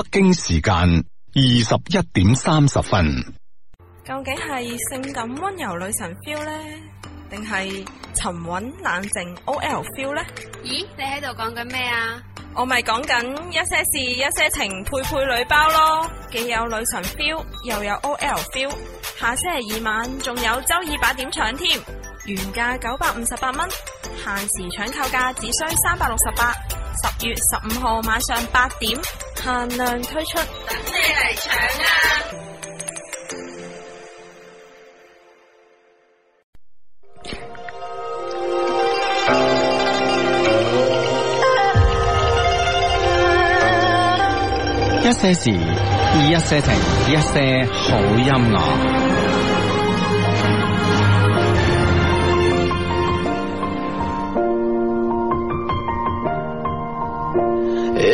北京時間二十一點三十分，究竟係性感溫柔女神 feel 呢？定係沉穩冷靜 OL feel 呢？咦，你喺度講緊咩啊？我咪講緊一些事，一些情，配配女包咯，既有女神 feel，又有 OL feel。下星期二晚仲有周二八點搶添，原價九百五十八蚊，限時搶購價只需三百六十八。十月十五號晚上八點限量推出，等你嚟搶啊一時！一些事，一些情，一些好音樂。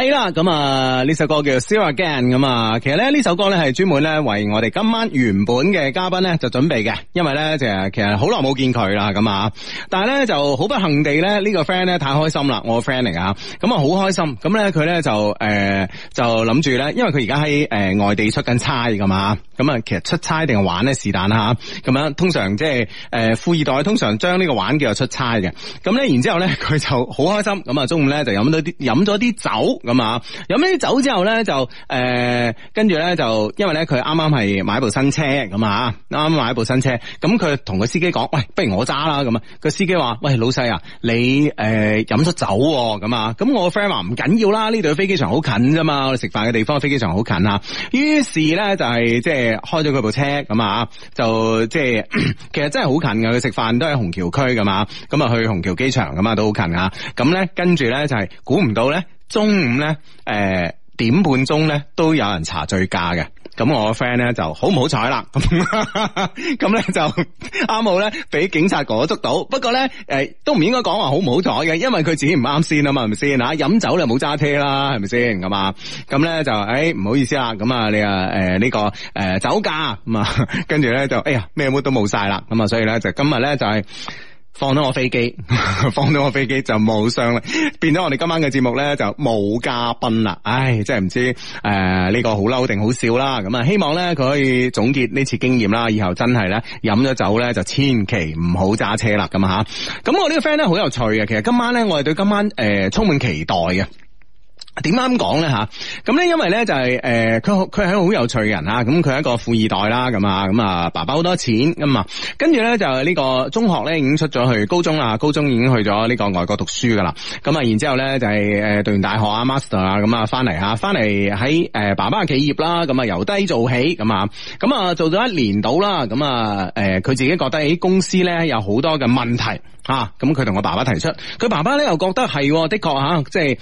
係啦，咁啊，呢首歌叫《See Again》，咁啊，其實咧呢首歌咧係專門咧為我哋今晚原本嘅嘉賓咧就準備嘅，因為咧就係其實好耐冇見佢啦，咁啊，但係咧就好不幸地咧、這個、呢個 friend 咧太開心啦，我個 friend 嚟啊，咁啊好開心，咁咧佢咧就誒、呃、就諗住咧，因為佢而家喺誒外地出緊差噶嘛，咁、嗯、啊其實出差定係玩咧是但啦吓咁樣，通常即係誒富二代通常將呢個玩叫做出差嘅，咁、嗯、咧然之後咧佢就好開心，咁啊中午咧就飲咗啲飲咗啲酒。咁啊，飲酒之後咧，就誒、呃，跟住咧就，因為咧佢啱啱係買部新車咁啊，啱啱買部新車，咁佢同個司機講，喂，不如我揸啦，咁啊，個司機話，喂，老細、呃、啊，你誒飲咗酒咁啊，咁我個 friend 話唔緊要啦，呢度飛機場好近啫嘛，我哋食飯嘅地方飛機場好近啊。於是咧就係即係開咗佢部車咁啊，就即、是、係、就是就是、 其實真係好近㗎。佢食飯都喺虹橋區噶嘛，咁啊去虹橋機場咁嘛都好近啊。咁咧跟住咧就係、是、估唔到咧。中午咧，誒、呃、點半鐘咧都有人查醉駕嘅，咁我個 friend 咧就， 呢就好唔好彩啦，咁咁咧就啱好咧俾警察嗰捉到，不過咧誒、呃、都唔應該講話好唔好彩嘅，因為佢自己唔啱先啊嘛，係咪先吓？飲酒你冇揸車啦，係咪先咁啊？咁咧就誒唔、哎、好意思啦咁啊你啊誒、呃這個呃、呢個誒酒駕咁啊，跟住咧就哎呀咩乜都冇晒啦，咁啊所以咧就今日咧就係、是。放咗我飛機， 放咗我飛機就冇傷啦，變咗我哋今晚嘅節目咧就冇嘉賓啦。唉，真係唔知誒呢、呃這個好嬲定好笑啦。咁啊，希望咧佢可以總結呢次經驗啦，以後真係咧飲咗酒咧就千祈唔好揸車啦，咁吓。咁我呢個 friend 咧好有趣嘅，其實今晚咧我係對今晚誒充滿期待嘅。點啱講咧吓，咁咧因為咧就係誒，佢佢係一個好有趣嘅人啊，咁佢係一個富二代啦，咁啊，咁啊，爸爸好多錢咁啊，跟住咧就呢個中學咧已經出咗去，高中啊，高中已經去咗呢個外國讀書噶啦，咁啊，然之後咧就係誒讀完大學啊，master 啊，咁啊翻嚟吓，翻嚟喺誒爸爸嘅企業啦，咁啊由低做起，咁啊咁啊做咗一年到啦，咁啊誒佢自己覺得喺公司咧有好多嘅問題。咁佢同我爸爸提出，佢爸爸咧又覺得係，的確吓，即係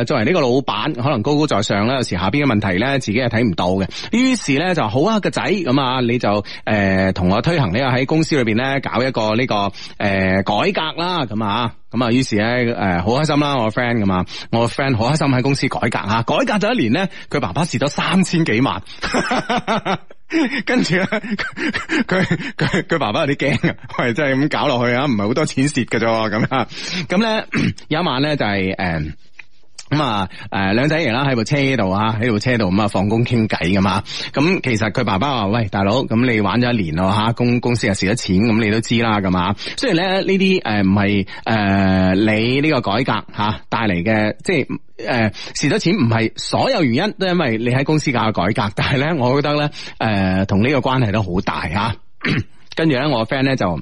誒，作為呢個老闆，可能高高在上啦，有時下邊嘅問題咧，自己係睇唔到嘅。於是咧就好啊，個仔咁啊，你就誒同、呃、我推行呢、這個喺公司裏邊咧搞一個呢、這個誒、呃、改革啦，咁啊，咁啊，於是咧誒好開心啦，我 friend 咁啊。我 friend 好開心喺公司改革啊，改革咗一年咧，佢爸爸蝕咗三千幾萬。 跟住咧，佢佢佢爸爸有啲驚啊， 喂，真係咁搞落去啊，唔係好多錢蝕噶。啫咁啊，咁咧有一晚咧就係、是、誒。嗯咁、嗯嗯、啊，誒，兩仔爺啦喺部車度啊，喺部車度咁啊，放工傾偈噶嘛。咁、啊、其實佢爸爸話，喂，大佬，咁你玩咗一年咯吓、啊，公公司又蝕咗錢，咁你都知啦，咁、啊、嘛。雖然咧呢啲誒唔係誒你呢個改革吓帶嚟嘅，即係誒蝕咗錢，唔係所有原因都因為你喺公司搞嘅改革，但係咧我覺得咧，誒同呢個關係都好大吓。跟住咧我 friend 咧就。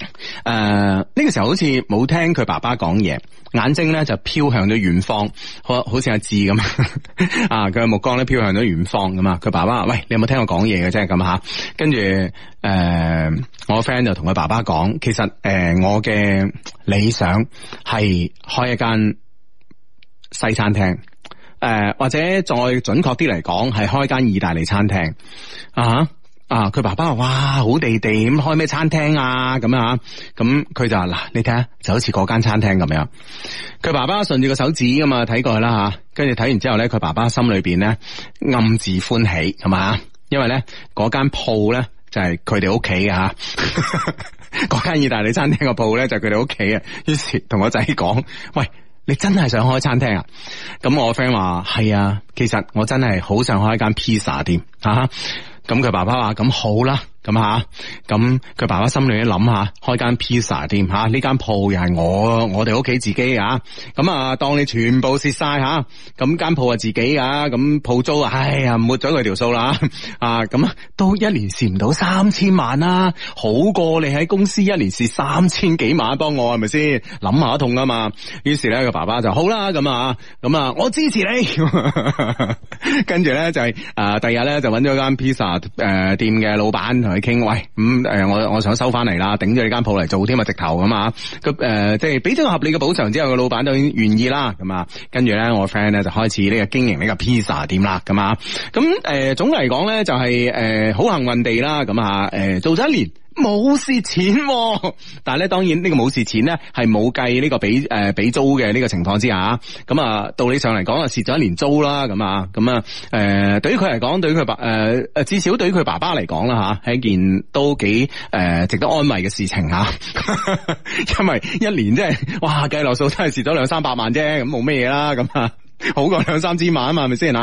誒，呢、uh, 個時候好似冇聽佢爸爸講嘢，眼睛咧就飄向咗遠方，好好似阿志咁啊，佢嘅目光咧飄向咗遠方咁啊。佢爸爸，喂，你有冇聽、啊 uh, 我講嘢嘅啫咁吓？跟住誒，我 friend 就同佢爸爸講，其實誒，uh, 我嘅理想係開一間西餐廳，誒、啊，或者再準確啲嚟講，係開一間意大利餐廳啊。啊！佢爸爸話：哇，好地地咁開咩餐廳啊？咁啊，咁佢就話：嗱，你睇下，就好似嗰間餐廳咁樣。佢爸爸順住個手指咁嘛，睇過去啦吓，跟住睇完之後咧，佢爸爸心裏邊咧暗自歡喜，係嘛？因為咧嗰間鋪咧就係佢哋屋企啊。嗰 間意大利餐廳個鋪咧就係佢哋屋企啊。於是同我仔講：喂，你真係想開餐廳啊？咁我 friend 話：係啊，其實我真係好想開一間披薩店啊。咁佢爸爸話，咁好啦。咁啊，咁佢爸爸心裏一諗吓，開間披薩店吓，呢間鋪又係我我哋屋企自己啊，咁啊，當你全部蝕晒吓，咁間鋪啊，間自己啊，咁鋪租啊，哎呀，抹咗佢條數啦，啊，咁、啊啊、都一年蝕唔到三千萬啦，好過你喺公司一年蝕三千幾萬幫我係咪先？諗下一痛啊嘛，於是咧，佢爸爸就好啦，咁啊，咁啊，啊，啊，啊，我支持你，跟住咧就係、是、啊第二日咧就搵咗間披薩誒店嘅老闆。同佢傾，喂，咁誒、嗯，我我想收翻嚟啦，頂咗你間鋪嚟做添啊，直頭咁啊，咁誒，即係俾咗個合理嘅補償之後，個老闆都願意啦，咁啊，跟住咧我 friend 咧就開始呢個經營呢個 pizza 店啦，咁啊，咁誒，總嚟講咧就係、是、誒、呃、好幸運地啦，咁啊，誒、呃、做咗一年。冇蝕錢、啊，但係咧，當然呢個冇蝕錢咧，係冇計呢個俾誒俾租嘅呢個情況之下，咁啊，道理上嚟講係蝕咗一年租啦，咁啊，咁啊，誒、呃，對於佢嚟講，對於佢爸，誒、呃、誒，至少對於佢爸爸嚟講啦，吓、啊、係一件都幾誒、呃、值得安慰嘅事情吓，啊、 因為一年即係哇計落數真係蝕咗兩三百萬啫，咁冇咩嘢啦，咁啊好過兩三千萬啊嘛，係咪先？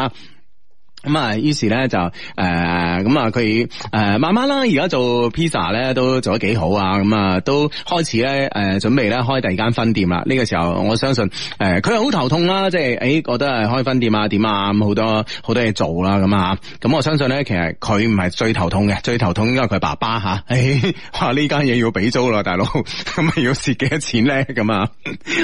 咁啊，於是咧就誒，咁啊佢誒慢慢啦，而家做 pizza 咧都做得幾好啊，咁啊都開始咧誒、呃、準備咧開第二間分店啦。呢、這個時候我相信誒佢係好頭痛啦、啊，即係誒覺得係開分店啊點啊咁好多好多嘢做啦咁啊，咁、啊、我相信咧其實佢唔係最頭痛嘅，最頭痛應該係佢爸爸吓、啊，誒話呢間嘢要俾租啦，大佬咁啊要蝕幾多錢咧咁啊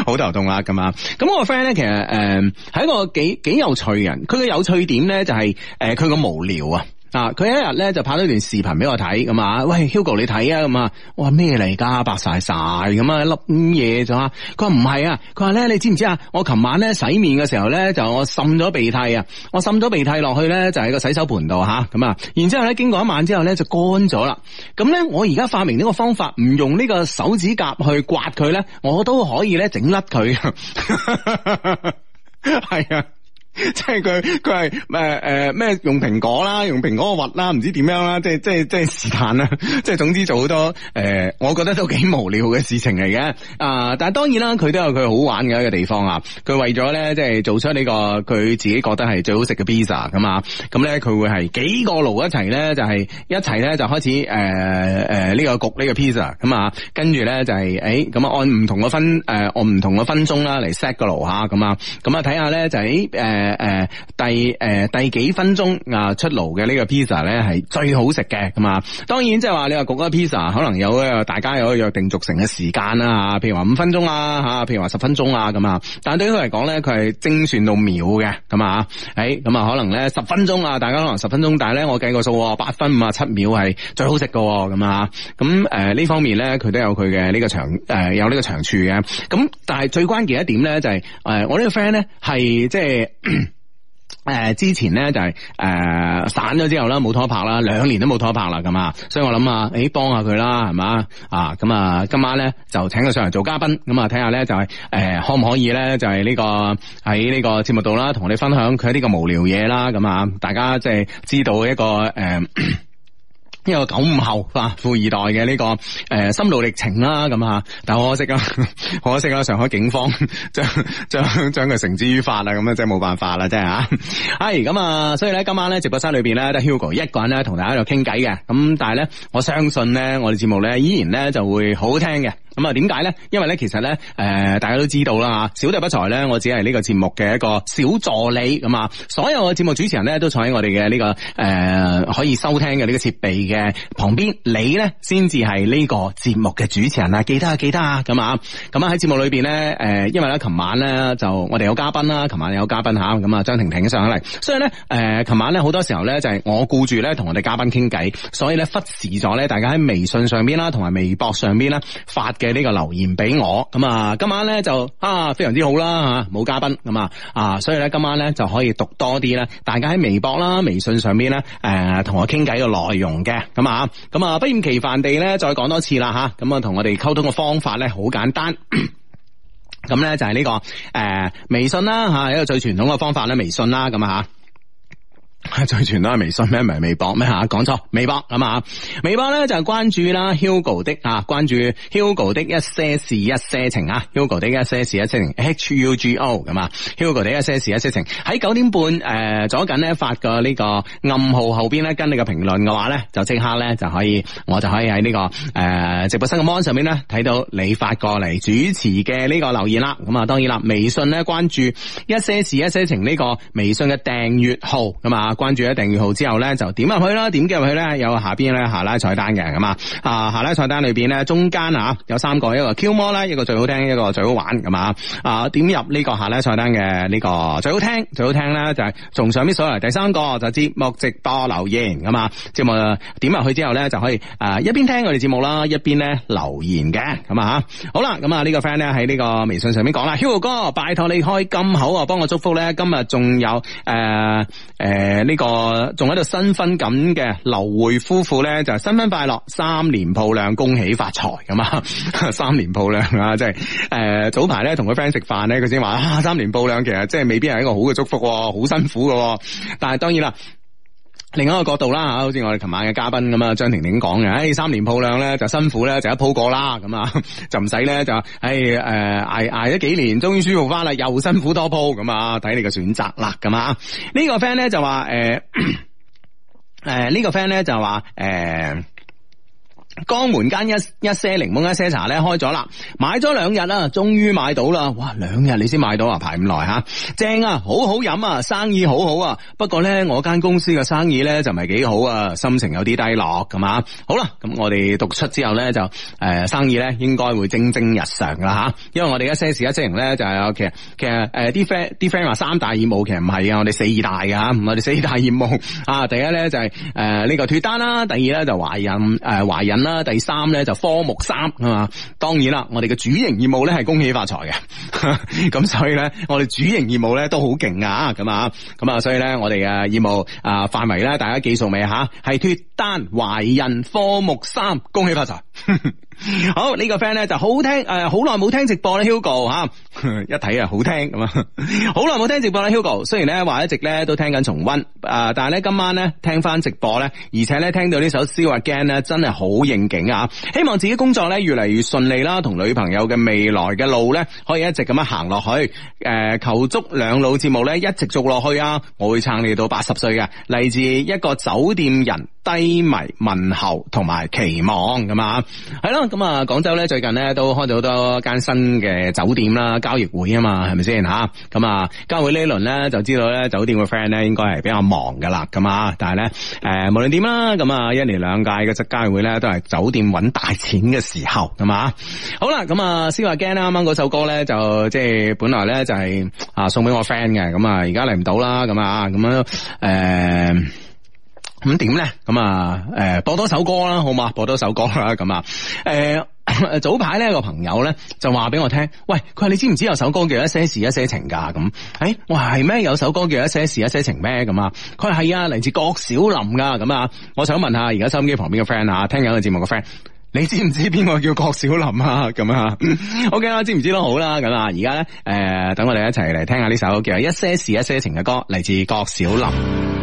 好頭痛啦咁啊，咁我個 friend 咧其實誒係、呃、一個幾幾有趣嘅人，佢嘅有趣點咧就係、是。誒，佢咁、呃、無聊啊！啊，佢一日咧就拍咗段視頻俾我睇，咁啊，喂，Hugo 你睇啊，咁啊，哇，咩嚟噶？白晒晒咁啊，一粒嘢啫啊。佢話唔係啊，佢話咧，你知唔知啊？我琴晚咧洗面嘅時候咧，就我滲咗鼻涕啊，我滲咗鼻涕落去咧就喺、是、個洗手盆度吓，咁啊，啊，然之後咧經過一晚之後咧就乾咗啦。咁咧我而家發明呢個方法，唔用呢個手指甲去刮佢咧，我都可以咧整甩佢。係 啊。即係佢，佢係誒誒咩用蘋果啦，用蘋果個核啦，唔知點樣啦，即係即係即係是但啦，即係總之做好多誒、呃，我覺得都幾無聊嘅事情嚟嘅啊！但係當然啦，佢都有佢好玩嘅一個地方啊！佢為咗咧，即、就、係、是、做出呢個佢自己覺得係最好食嘅 pizza 咁啊！咁咧佢會係幾個爐一齊咧，就係、是、一齊咧就開始誒誒呢個焗個 pizza, 呢個 pizza 咁啊！跟住咧就係誒咁啊按唔同嘅分誒、呃、按唔同嘅分鐘啦嚟 set 個爐吓咁啊！咁啊睇下咧就喺誒。呃誒誒、呃，第誒、呃、第幾分鐘啊出爐嘅呢個 pizza 咧係最好食嘅，咁啊，當然即係話你話焗個 pizza 可能有大家有可以約定俗成嘅時間啦，譬如話五分鐘啊吓，譬如話十分鐘啊咁啊，但係對於佢嚟講咧，佢係精算到秒嘅，咁啊，誒咁啊，可能咧十分鐘啊，大家可能十分鐘，但係咧我計個數八分五啊七秒係最好食嘅，咁啊，咁誒呢方面咧佢都有佢嘅呢個長誒、呃、有呢個長處嘅，咁但係最關鍵一點咧就係、是、誒、呃、我個呢個 friend 咧係即係。誒、呃，之前咧就係、是、誒、呃、散咗之後啦，冇拖拍啦，兩年都冇拖拍啦咁啊，所以我諗啊，誒幫下佢啦，係嘛啊咁啊，今晚咧就請佢上嚟做嘉賓，咁啊睇下咧就係、是、誒、呃、可唔可以咧就係、是、呢、這個喺呢個節目度啦，同我哋分享佢啲嘅無聊嘢啦，咁啊大家即係知道一個誒。呃 呢個九五後啊，富二代嘅呢、這個誒、呃、心路歷程啦，咁啊，但係可惜啊，可惜啊，上海警方將將將佢繩之於法啦，咁樣，真係冇辦法啦，真係啊，係咁啊，所以咧，今晚咧直播室裏邊咧，得 Hugo 一個人咧同大家喺度傾偈嘅，咁但係咧，我相信咧，我哋節目咧依然咧就會好好聽嘅。咁啊，點解咧？因為咧，其實咧，誒，大家都知道啦，吓，小弟不才咧，我只係呢個節目嘅一個小助理，咁啊，所有嘅節目主持人咧，都坐喺我哋嘅呢個誒，可以收聽嘅呢個設備嘅旁邊，你咧先至係呢個節目嘅主持人啊，記得啊，記得啊，咁啊，咁啊，喺節目裏邊咧，誒，因為咧，琴晚咧就我哋有嘉賓啦，琴晚有嘉賓吓，咁啊，張婷婷上嚟，所以咧，誒，琴晚咧好多時候咧就係我顧住咧同我哋嘉賓傾偈，所以咧忽視咗咧大家喺微信上邊啦，同埋微博上邊咧發嘅呢個留言俾我，咁啊今晚呢就啊非常之好啦吓，冇、啊、嘉賓咁啊啊，所以呢，今晚呢就可以讀多啲呢，大家喺微博啦、微信上面呢，誒、呃、同我傾偈嘅內容嘅，咁啊咁啊，啊不厭其煩地呢，再講多次啦吓，咁啊同、啊、我哋溝通嘅方法呢，好簡單，咁呢， 就係呢、這個誒、呃、微信啦吓、啊，一個最傳統嘅方法呢，微信啦，咁啊。啊最全都係微信咩？唔係微博咩？吓，講錯，微博咁啊！微博咧，就係關注啦，Hugo 的啊，關注 Hugo 的一些事一些情啊，Hugo 的一些事一些情，H U G O 咁啊，Hugo 的一些事一些情。喺九點半誒、呃，左緊咧發個呢個暗號後邊咧，跟你嘅評論嘅話咧，就即刻咧就可以，我就可以喺呢、這個誒、呃、直播室嘅 mon 上面咧睇到你發過嚟主持嘅呢個留言啦。咁啊，當然啦，微信咧關注一些事一些情呢個微信嘅訂閱號，咁啊。關注訂閱號之後咧，就點入去啦，點進入去咧有下邊咧下拉菜單嘅咁啊，啊下拉菜單裏邊咧中間啊有三個，一個 Q 魔啦，一個最好聽，一個最好玩咁啊，啊點入呢個下拉菜單嘅呢、這個最好聽最好聽咧就係、是、從上邊數嚟第三個就節目直播留言咁啊。即係我點入去之後咧就可以一邊聽我哋節目啦，一邊咧留言嘅咁啊吓，好啦，咁啊呢、這個 friend 咧喺呢個微信上面講啦 o 哥拜託你開金口啊，幫我祝福咧今日仲有誒誒。呃呃呢、這個仲喺度新婚咁嘅劉慧夫婦咧，就係、是、新婚快樂，三年抱兩，恭喜發財咁啊、呃、啊！三年抱兩啊，即係誒早排咧同個 friend 食飯咧，佢先話啊，三年抱兩其實即係未必係一個好嘅祝福，好辛苦㗎，但係當然啦。另一個角度啦嚇，好似我哋琴晚嘅嘉賓咁啊，張婷婷講嘅，誒三年鋪量咧就辛苦咧就一鋪過啦，咁啊就唔使咧就誒誒捱捱咗幾年，終於舒服翻啦，又辛苦多鋪咁啊，睇你嘅選擇啦咁啊，呢呢個、呢就話、誒誒呢個 friend 咧就話誒誒呢個 friend 咧就話誒。誒江門間一一些檸檬一些茶咧開咗啦，買咗兩日啦，啊，終於買到啦！哇，兩日你先買到啊，排唔耐吓，正啊，好好飲啊，生意好好啊。不過咧，我間公司嘅生意咧就唔係幾好啊，心情有啲低落，咁啊，好啦，咁我哋讀出之後咧就誒、呃、生意咧應該會蒸蒸日上啦吓，因為我哋一些事一些情咧就係、是、其實其實誒啲 friend 啲 friend 話三大業務其實唔係啊，我哋四大㗎。唔係我哋四大業務啊。第一咧就係誒呢個脫單啦，第二咧就懷孕誒懷孕。呃啦，第三咧就科目三，係嘛？當然啦，我哋嘅主營業務咧係恭喜發財嘅，咁所以咧我哋主營業務咧都好勁啊，咁啊，咁啊，所以咧我哋嘅業務啊範圍咧大家記數未吓？係脱單懷孕科目三，恭喜發財。呵呵好呢、呢個 friend 咧就好聽誒，好耐冇聽直播啦，Hugo 吓、啊，一睇啊好聽咁啊，好耐冇聽直播啦，Hugo。雖然咧話一直咧都聽緊重溫誒、呃，但係咧今晚咧聽翻直播咧，而且咧聽到呢首《See Again》咧真係好應景啊！希望自己工作咧越嚟越順利啦，同女朋友嘅未來嘅路咧可以一直咁樣行落去。誒、呃，求足兩老節目咧一直做落去啊！我會撐你到八十歲嘅，嚟自一個酒店人低迷問候同埋期望咁啊，係、啊、咯。咁啊，廣州咧最近咧都開咗好多間新嘅酒店啦，交易會啊嘛，係咪先嚇？咁啊，交易會呢輪咧就知道咧，酒店嘅 friend 咧應該係比較忙㗎啦，咁啊，但係咧、呃，無論點啦，咁啊，一年兩屆嘅交易會咧，都係酒店揾大錢嘅時候，咁啊，好啦，咁啊，先話驚啦，啱啱嗰首歌咧就即係本來咧就係啊送俾我 friend 嘅，咁啊而家嚟唔到啦，咁、呃、啊，咁啊。咁點咧？咁啊、嗯，誒、嗯，播多首歌啦，好嘛？播多首歌啦，咁啊，誒，早排咧個朋友咧就話俾我聽，喂，佢話你知唔知有首歌叫一些事一些情噶？咁，誒、嗯，我係咩？有首歌叫一些事一些情咩？咁、嗯、啊，佢係啊，嚟自郭小林噶，咁、嗯、啊，我想問下而家收音機旁邊嘅 friend 啊，聽緊個節目嘅 friend，你知唔知邊個叫郭小林啊？咁啊，OK 啦，okay, 知唔知都好啦，咁、嗯、啊，而家咧，誒、呃，等我哋一齊嚟聽下呢首歌叫一些事一些情嘅歌，嚟自郭小林。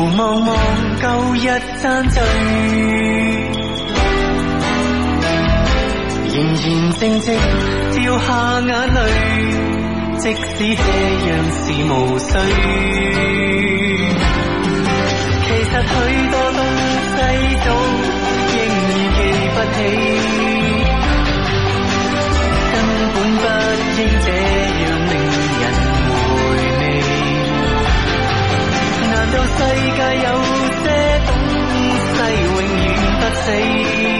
遙望望舊日殘醉，仍然靜靜掉下眼淚。即使這樣是無需。其實許多東西都仍然記不起，根本不應這樣。世界有些東西永遠不死。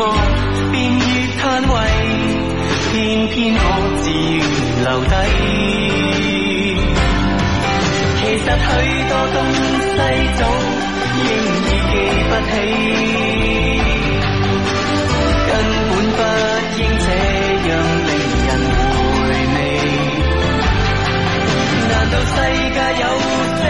望，便越嘆喟，偏偏我自願留低。其實許多東西早應已記不起，根本不應這樣令人回味。難道世界有？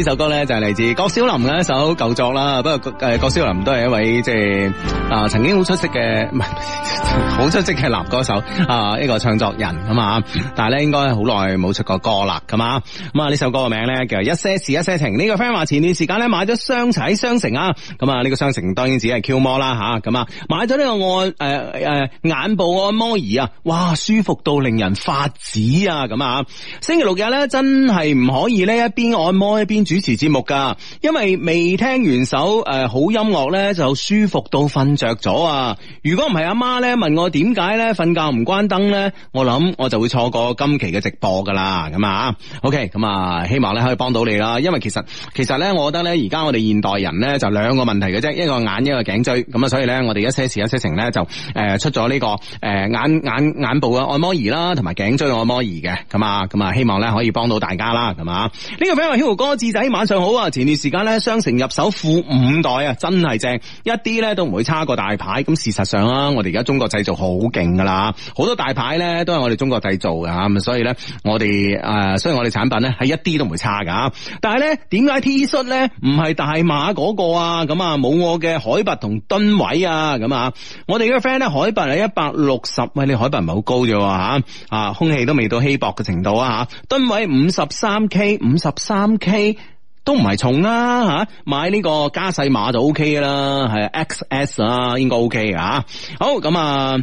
呢首歌咧，就係嚟自郭小林嘅一首舊作啦，不過誒，郭小林都係一位即係啊，曾經好出色嘅唔係。好出色嘅男歌手啊，一個唱作人咁啊、嗯，但係咧應該好耐冇出過歌啦，咁、嗯、啊，咁啊呢首歌嘅名咧叫一些事一些情。呢、這個 friend 話前段時間咧買咗雙齊喺商城啊，咁啊呢個商城當然只係 Q 摩啦吓，咁啊、嗯嗯、買咗呢個按誒誒眼部按摩儀啊，哇舒服到令人發指啊，咁、嗯、啊星期六日咧真係唔可以咧一邊按摩一邊主持節目噶，因為未聽完首誒、呃、好音樂咧就舒服到瞓着咗啊，如果唔係阿媽咧。問我點解咧瞓覺唔關燈咧？我諗我就會錯過今期嘅直播噶啦。咁啊，OK，咁啊，希望咧可以幫到你啦。因為其實其實咧，我覺得咧，而家我哋現代人咧就兩個問題嘅啫，一個眼，一個頸椎。咁啊，所以咧，我哋一些事一些情咧就誒、呃、出咗呢、這個誒、呃、眼眼眼部嘅按摩儀啦，同埋頸椎按摩儀嘅。咁啊，咁啊，希望咧可以幫到大家啦。咁啊，呢個 friend 話：Hugo 哥，智仔晚上好啊！前段時間咧，雙城入手富五代啊，真係正，一啲咧都唔會差過大牌。咁事實上啊，我哋而家中國。製造好勁噶啦，好多大牌咧都係我哋中國製造嘅。咁所以咧我哋誒，所以我哋產品咧係一啲都唔會差噶。但係咧，點解 T 恤咧唔係大碼嗰個啊？咁啊，冇我嘅海拔同噸位啊，咁啊，我哋嗰個 friend 咧海拔係一百六十米，你海拔唔係好高啫吓，啊，空氣都未到稀薄嘅程度啊，吓，噸位五十三 K，五十三 K。都唔係重啦、啊、吓，買呢個加細碼就 O K 啦，係 X S 啊，應該 O K 啊。好咁啊，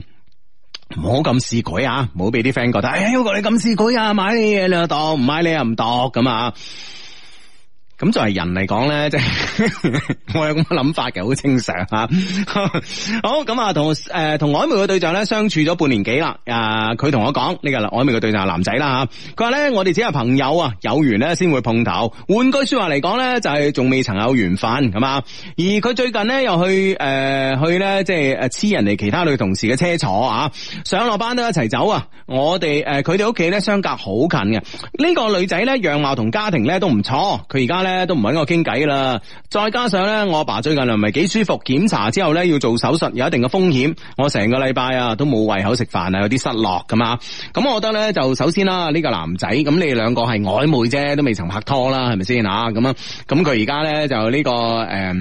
唔好咁試佢啊，唔好俾啲 friend 覺得，哎呀，你咁試佢啊，買你嘢你又當，唔買你又唔當咁啊。咁作為人嚟講咧，即係我有咁嘅諗法嘅，清 好正常吓。好咁啊，同誒同曖昧嘅對象咧，相處咗半年幾啦。啊、呃，佢同我講，呢個啦曖昧嘅對象係男仔啦吓。佢話咧，我哋只係朋友啊，有緣咧先會碰頭。換句話說話嚟講咧，就係、是、仲未曾有緣分咁啊。而佢最近咧又去誒、呃、去咧，即係誒黐人哋其他女同事嘅車坐啊，上落班都一齊走啊。我哋誒佢哋屋企咧相隔好近嘅。呢、這個女仔咧，樣貌同家庭咧都唔錯，佢而家咧。都唔搵我傾偈啦，再加上呢，我阿爸最近又唔係幾舒服，檢查之後呢，要做手術，有一定嘅風險。我成個禮拜啊都冇胃口食飯啊，有啲失落㗎嘛。咁、嗯、我覺得呢，就首先啦，呢、呢個男仔咁你哋兩個係曖昧啫，都未曾拍拖啦，係咪先啊？咁、嗯、啊，咁佢而家呢，就呢、呢個誒呢、呃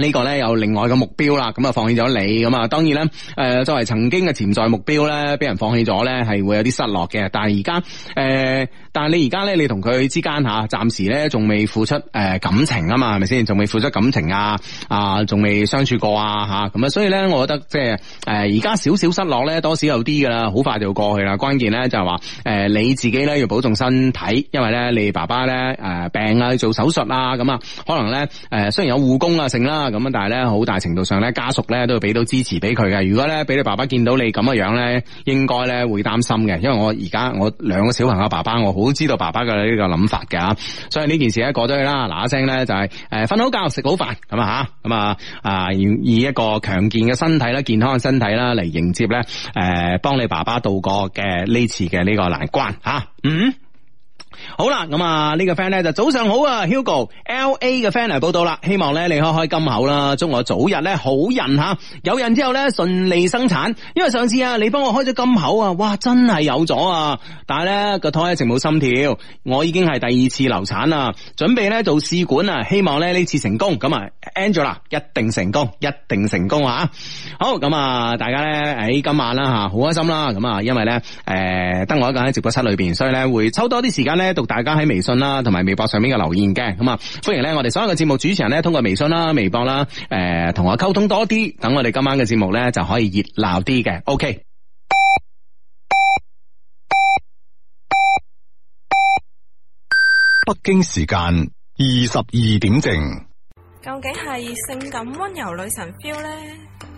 呢個呢，有另外嘅目標啦，咁、嗯、啊放棄咗你咁啊、嗯。當然呢誒、呃，作為曾經嘅潛在目標呢，俾人放棄咗呢，係會有啲失落嘅。但係而家誒。呃但係你而家咧，你同佢之間吓，暫時咧仲未付出誒感情啊嘛，係咪先？仲未付出感情啊？啊，仲未相處過啊？吓，咁啊，所以咧，我覺得即係誒，而家少少失落咧，多少有啲噶啦，好快就過去啦。關鍵咧就係話誒，你自己咧要保重身體，因為咧你爸爸咧誒病，啊，要做手術啊，咁啊，可能咧誒雖然有護工啊性啦，咁啊，但係咧好大程度上咧家屬咧都要俾到支持俾佢嘅。如果咧俾你爸爸見到你咁嘅樣咧，應該咧會擔心嘅。因為我而家我兩個小朋友爸爸，我好。都知道爸爸嘅呢個諗法嘅吓，所以呢件事咧過咗去啦，嗱一聲咧就係誒，瞓好覺食好飯咁啊吓，咁啊啊以一個強健嘅身體啦、健康嘅身體啦嚟，迎接咧誒、呃，幫你爸爸度過嘅呢次嘅呢個難關吓，嗯。好啦，咁啊呢個 friend 咧就早上好啊，Hugo LA 嘅 friend 嚟報道啦，希望咧你開開金口啦，祝我早日咧好孕吓，有孕之後咧順利生產。因為上次啊，你幫我開咗金口啊，哇真係有咗啊，但係咧個胎一直冇心跳，我已經係第二次流產啦，準備咧做試管啊，希望咧呢次成功。咁啊 Angela 啦，一定成功，一定成功啊！好，咁啊，大家咧喺今晚啦吓，好開心啦。咁啊，因為咧誒得我一個喺直播室裏邊，所以咧會抽多啲時間咧。解讀大家喺微信啦，同埋微博上面嘅留言嘅，咁、嗯、啊，歡迎咧，我哋所有嘅節目主持人咧，通過微信啦、微博啦，誒、呃，同我溝通多啲，等我哋今晚嘅節目咧就可以熱鬧啲嘅。OK，北京時間二十二點正，究竟係性感溫柔女神 feel 咧，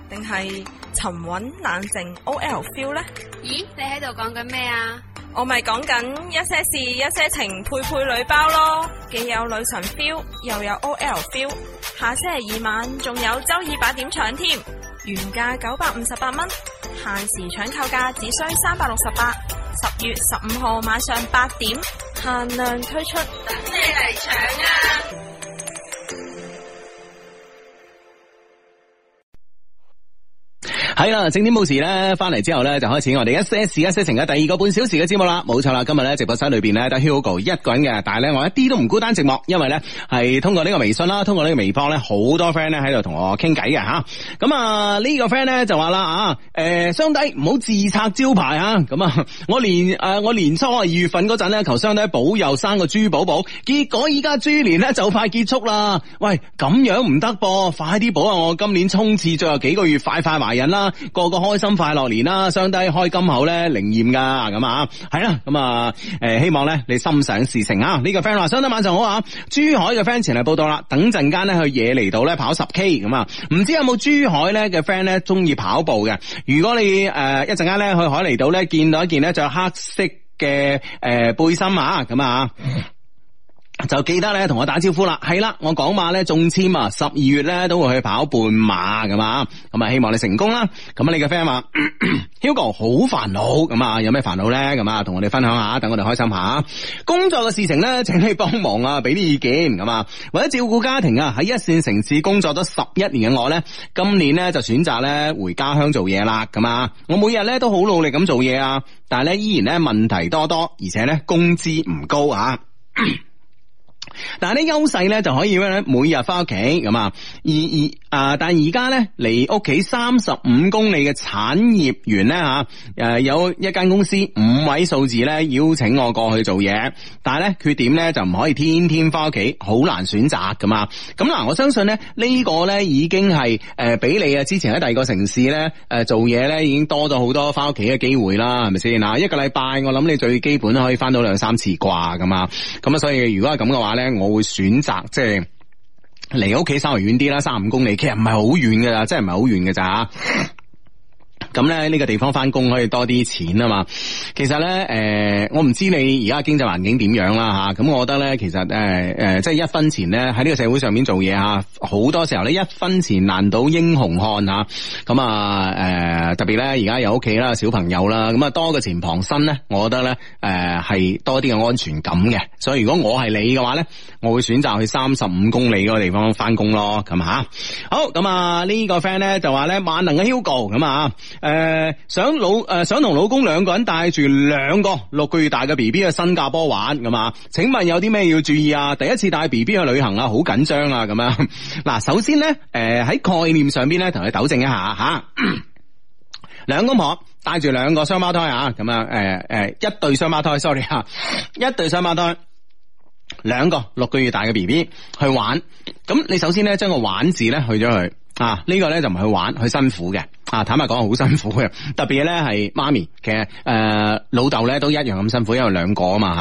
定係沉穩冷靜 OL feel 咧？咦，你喺度講緊咩啊？我咪講緊一些事、一些情，配配女包咯，既有女神 feel，又有 OL feel。下星期二晚仲有周二八點搶添，原價九百五十八蚊，限時搶購價只需三百六十八。十月十五號晚上八點限量推出，等你嚟搶啊！係啦，正點冇事咧。翻嚟之後咧，就開始我哋一些事、一些情嘅第二個半小時嘅節目啦。冇錯啦，今日咧直播室裏邊咧得 Hugo 一個人嘅，但係咧我一啲都唔孤單寂寞，因為咧係通過呢個微信啦，通過呢個微博咧，好多 friend 咧喺度同我傾偈嘅吓。咁啊呢個 friend 咧就話啦啊，誒、這個，兄、啊、弟唔好自拆招牌啊。咁啊，啊，我年誒我年初二月份嗰陣咧求兄弟保佑生個豬寶寶，結果而家豬年咧就快結束啦。喂，咁樣唔得噃，快啲保佑、啊、我今年衝刺最後幾個月，快快懷孕啦！個個開心快樂年啦，相低開金口咧，靈驗噶咁啊，係啦，咁啊，誒、啊呃，希望咧你心想事成啊！呢、這個 friend 話，相低晚上好啊！珠海嘅 friend 前嚟報道啦，等陣間咧去野狸島咧跑十 k 咁啊，唔知有冇珠海咧嘅 friend 咧中意跑步嘅？如果你誒、呃、一陣間咧去海尼島咧見到一件咧着黑色嘅誒背心啊，咁啊。就記得咧，同我打招呼啦。係啦，我港馬咧中簽啊，十二月咧都會去跑半馬咁啊。咁啊，希望你成功啦。咁啊，你嘅 friend 啊，Hugo 好煩惱咁啊，有咩煩惱咧咁啊，同我哋分享下，等我哋開心下。工作嘅事情咧，請你幫忙啊，俾啲意見咁啊。為咗照顧家庭啊，喺一線城市工作咗十一年嘅我咧，今年咧就選擇咧回家鄉做嘢啦。咁啊，我每日咧都好努力咁做嘢啊，但係咧依然咧問題多多，而且咧工資唔高啊。 但係呢優勢呢就可以咩每日翻屋企咁啊，而而啊，但而家呢，離屋企三十五公里嘅產業園呢，吓，誒有一間公司五位數字呢邀請我過去做嘢，但係呢，缺點呢，就唔可以天天翻屋企，好難選擇㗎嘛。咁嗱，我相信呢，呢個呢已經係誒比你啊之前喺第二個城市呢誒做嘢呢已經多咗好多翻屋企嘅機會啦，係咪先啊？一個禮拜我諗你最基本可以翻到兩三次啩，咁啊，咁啊所以如果係咁嘅話呢。我會選擇即係離屋企稍微遠啲啦，三五公里，其實唔係好遠噶啦，即係唔係好遠噶咋。 咁咧呢個地方翻工可以多啲錢啊嘛，其實咧誒、呃，我唔知你而家經濟環境點樣啦吓，咁、啊、我覺得咧其實誒誒、呃，即係一分錢咧喺呢個社會上面做嘢吓，好多時候咧一分錢難倒英雄漢吓，咁啊誒、啊，特別咧而家有屋企啦、小朋友啦，咁啊多個錢旁身咧，我覺得咧誒係多啲嘅安全感嘅，所以如果我係你嘅話咧，我會選擇去三十五公里嗰個地方翻工咯，咁、啊、吓，好，咁啊呢個 friend 咧就話咧萬能嘅 Hugo 咁啊。.誒、呃，想老誒、呃，想同老公兩個人帶住兩個六個月大嘅 B B 去新加坡玩，咁啊？請問有啲咩要注意啊？第一次帶 B B 去旅行啊，好緊張啊，咁樣。嗱，首先咧，誒、呃、喺概念上邊咧，同你糾正一下吓，兩公婆帶住兩個雙胞胎啊，咁啊，誒誒一對雙胞胎，sorry 啊，一對雙胞胎，胎，兩個六個月大嘅 B B 去玩，咁你首先咧，將個玩字咧去咗佢啊，呢、這個咧就唔係去玩，去辛苦嘅。啊，坦白講好辛苦嘅，特別咧係媽咪，其實誒老豆咧都一樣咁辛苦，因為兩個嘛啊嘛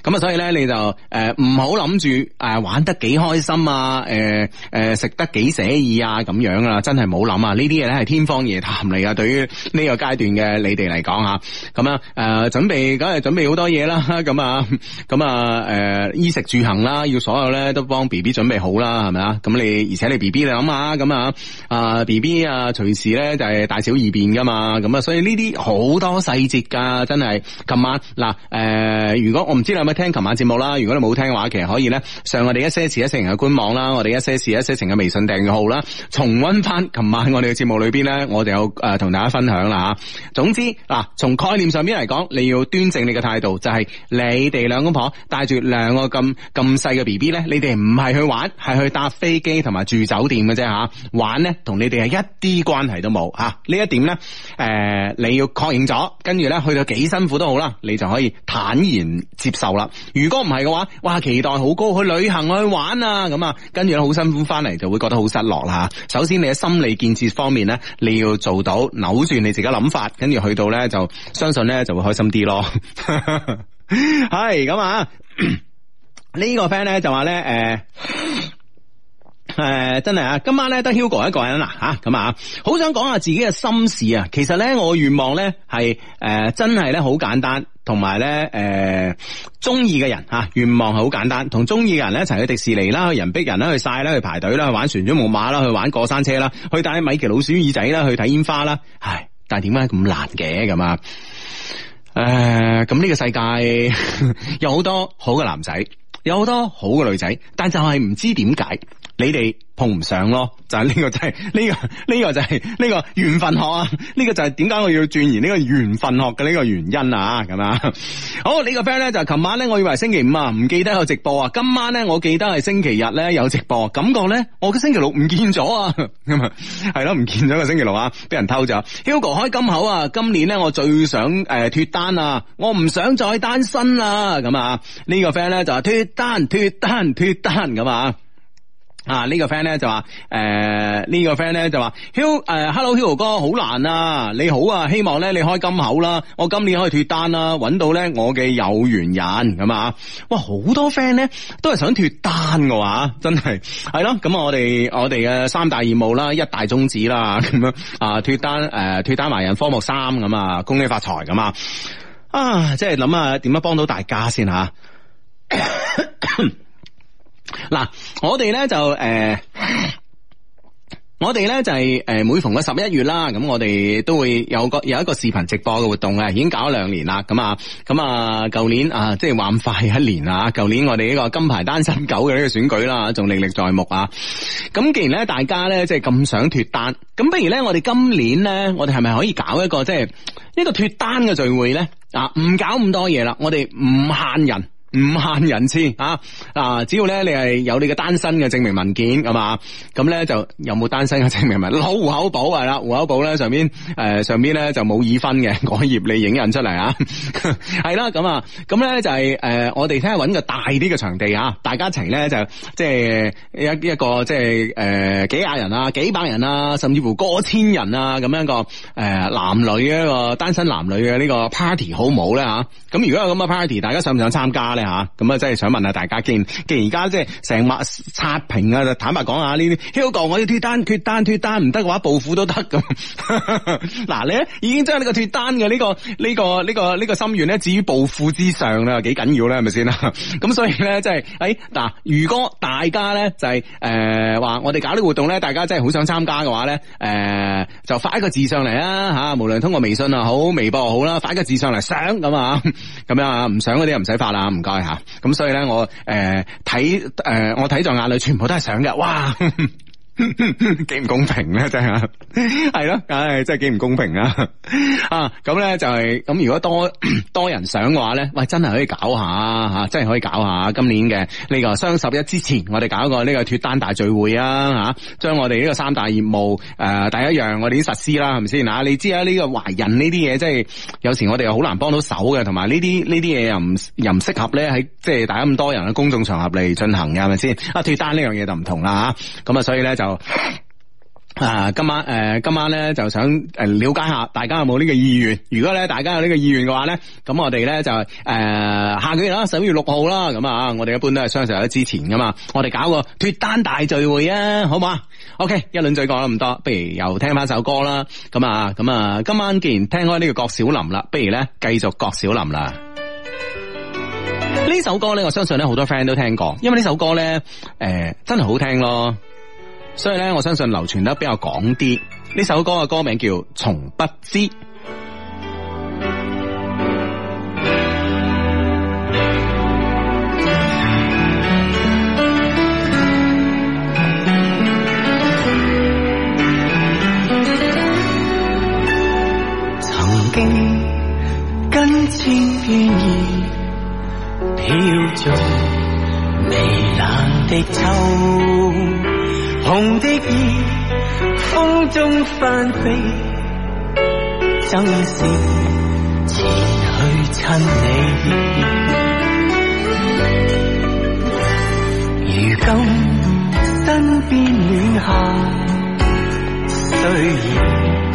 吓，咁啊所以咧你就誒唔好諗住誒玩得幾開心啊，誒、呃、誒、呃、食得幾寫意啊咁樣啊，真係冇諗啊，呢啲嘢咧係天方夜譚嚟噶，對於呢個階段嘅你哋嚟講吓，咁啊誒準備梗係準備好多嘢啦，咁啊咁啊誒衣、啊啊啊、食住行啦，要所有咧都幫 B B 準備好啦，係咪啊？咁你而且你 B B 你諗下咁啊，啊 B B 啊隨時咧就。誒，大小二便噶嘛，咁啊，所以呢啲好多細節噶，真係。琴晚嗱，誒、呃，如果我唔知你有冇聽琴晚節目啦，如果你冇聽嘅話，其實可以咧上我哋一些事一,一些情嘅官網啦，我哋一些事一些情嘅微信訂閱號啦，重温翻琴晚我哋嘅節目裏邊咧，我哋有誒同大家分享啦吓。總之嗱，從、呃、概念上邊嚟講，你要端正你嘅態度，就係、是、你哋兩公婆帶住兩個咁咁細嘅 B B 咧，BB, 你哋唔係去玩，係去搭飛機同埋住酒店嘅啫吓，玩咧同你哋係一啲關係都冇。啊！呢一點呢，誒、呃，你要確認咗，跟住呢去到幾辛苦都好啦，你就可以坦然接受啦。如果唔係嘅話，哇，期待好高，去旅行去玩啊，咁啊，跟住呢好辛苦翻嚟，就會覺得好失落啦、啊。首先，你喺心理建設方面呢，你要做到扭轉你自己諗法，跟住去到呢就相信呢就會開心啲咯。係 咁啊，呢、這個 friend 呢就話呢。誒、呃。誒、呃，真係啊！今晚咧得 Hugo 一個人啦，吓咁啊，好、啊啊、想講下自己嘅心事啊。其實咧，我願望咧係誒，真係咧好簡單，同埋咧誒，中意嘅人吓，願、啊、望係好簡單，同中意嘅人咧一齊去迪士尼啦，去人逼人啦，去晒啦，去排隊啦，去玩旋轉木馬啦，去玩過山車啦，去帶米奇老鼠耳仔啦，去睇煙花啦。唉，但係點解咁難嘅咁啊？誒、啊，咁呢個世界呵呵有好多好嘅男仔。有好多好嘅女仔，但就係唔知點解，你哋，碰唔上咯，就係呢個，就係呢個呢個就係呢個緣分學啊，呢個就係點解我要鑽研呢個緣分學嘅呢個原因啊咁啊。好，呢個 friend 咧就係琴晚咧我以為星期五啊，唔記得有直播啊。今晚咧我記得係星期日咧有直播，感覺咧我嘅星期六唔見咗啊。咁啊係咯，唔見咗個星期六啊，俾人偷走。Hugo 開金口啊，今年咧我最想誒脫單啊，我唔想再單身啦。咁啊呢個 friend 咧就係脫單脫單脫單咁啊。啊！呢、這個 friend 咧就話，誒、呃、呢、這個 friend 咧就話，Hilo 誒，Hello Hilo 哥好難啊！你好啊，希望咧你開金口啦，我今年可以脱單啦、啊，搵到咧我嘅有緣人咁啊！哇，好多 friend 咧都係想脱單嘅話，真係係咯。咁我哋我哋嘅三大業務啦，一大宗旨啦，咁樣啊脱單誒、啊、脱單埋人科目三咁啊，恭喜發財咁啊！啊，即係諗下點樣幫到大家先吓。啊 嗱，我哋咧就誒、呃，我哋咧就係誒，每逢個十一月啦，咁我哋都會有個有一個視頻直播嘅活動啊，已經搞咗兩年啦，咁啊，咁啊，舊年啊，即係話咁快一年啦，舊年我哋呢個金牌單身狗嘅呢個選舉啦，仲歷歷在目啊，咁既然咧大家咧即係咁想脫單，咁不如咧我哋今年咧，我哋係咪可以搞一個即係呢個脫單嘅聚會咧？啊，唔搞咁多嘢啦，我哋唔限人。五萬人次啊！嗱、啊、只要咧你係有你嘅單身嘅證明文件，係嘛？咁咧就有冇單身嘅證明文件？攞戶口簿係啦，戶口簿咧上邊誒、呃、上邊咧就冇已婚嘅，嗰頁你影印出嚟啊！係 啦，咁啊，咁咧就係、是、誒、呃，我哋聽下搵個大啲嘅場地啊，大家一齊咧就即係一一個，一個即係誒、呃、幾廿人啊，幾百人啊，甚至乎過千人啊咁樣個誒、呃、男女嘅一個單身男女嘅呢個 party 好唔好咧吓？咁、啊、如果有咁嘅 party，大家想唔想參加咧？吓咁啊，嗯、真係想問下大家，既然而家即係成晚差呀，刷屏啊！坦白講下呢啲，香港我要脫單，脫單，脫單，唔得嘅話，暴富都得咁。嗱、 啊，你呢已經將呢個脫單嘅呢個呢、呢個呢、呢個呢、呢個心願咧，置於暴富之上啦，幾緊要咧，係咪先啦？咁、 啊、所以咧，即係誒，嗱、哎，如果大家咧就係誒話，呃、我哋搞啲活動咧，大家真係好想參加嘅話咧，誒、呃、就發一個字上嚟啊吓、啊，無論通過微信啊好，微博好啦，發一個字上嚟，想咁啊，咁樣啊，唔想嗰啲唔使發啦，唔啊！咁、嗯、所以咧、呃呃，我誒睇誒，我睇在眼裏，全部都係相嘅。哇！幾唔公平咧，真係係咯，唉，真係幾唔公平啊！啊，咁咧就係咁，如果多多人想嘅話咧，喂，真係可以搞下吓，真係可以搞下。今年嘅呢個雙十一之前，我哋搞個呢個脫單大聚會啊吓，將我哋呢個三大業務誒，第一樣我哋啲實施啦，係咪先吓？你知啊，呢個懷孕呢啲嘢即係有時我哋又好難幫到手嘅，同埋呢啲呢啲嘢又唔又唔適合咧喺即係大家咁多人嘅公眾場合嚟進行嘅，係咪先啊？脫單呢樣嘢就唔同啦吓，咁啊，所以咧就。啊，今晚誒、呃，今晚咧就想誒了解一下大家有冇呢個意願？如果咧大家有呢個意願嘅話咧，咁我哋咧就誒、呃、下個月啦，十一月六號啦，咁啊，我哋一般都係雙十一之前噶嘛，我哋搞個脫單大聚會啊，好唔好啊？OK，一輪嘴講咗咁多，不如又聽翻首歌啦。咁啊，咁啊，今晚既然聽開呢個郭小林啦，不如咧繼續郭小林啦。呢首歌咧，我相信咧好多 friend 都聽過，因為呢首歌咧，誒、呃、真係好聽咯。所以咧，我相信流傳得比較廣啲。呢首歌嘅歌名叫《從不知》。 曾經跟千片葉飄在微冷的秋。紅的葉，風中翻飛，正是遲去親你。如今身邊暖夏，雖然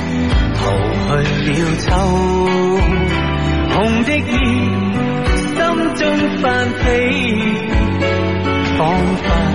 逃去了秋，紅的葉，心中翻飛，仿佛。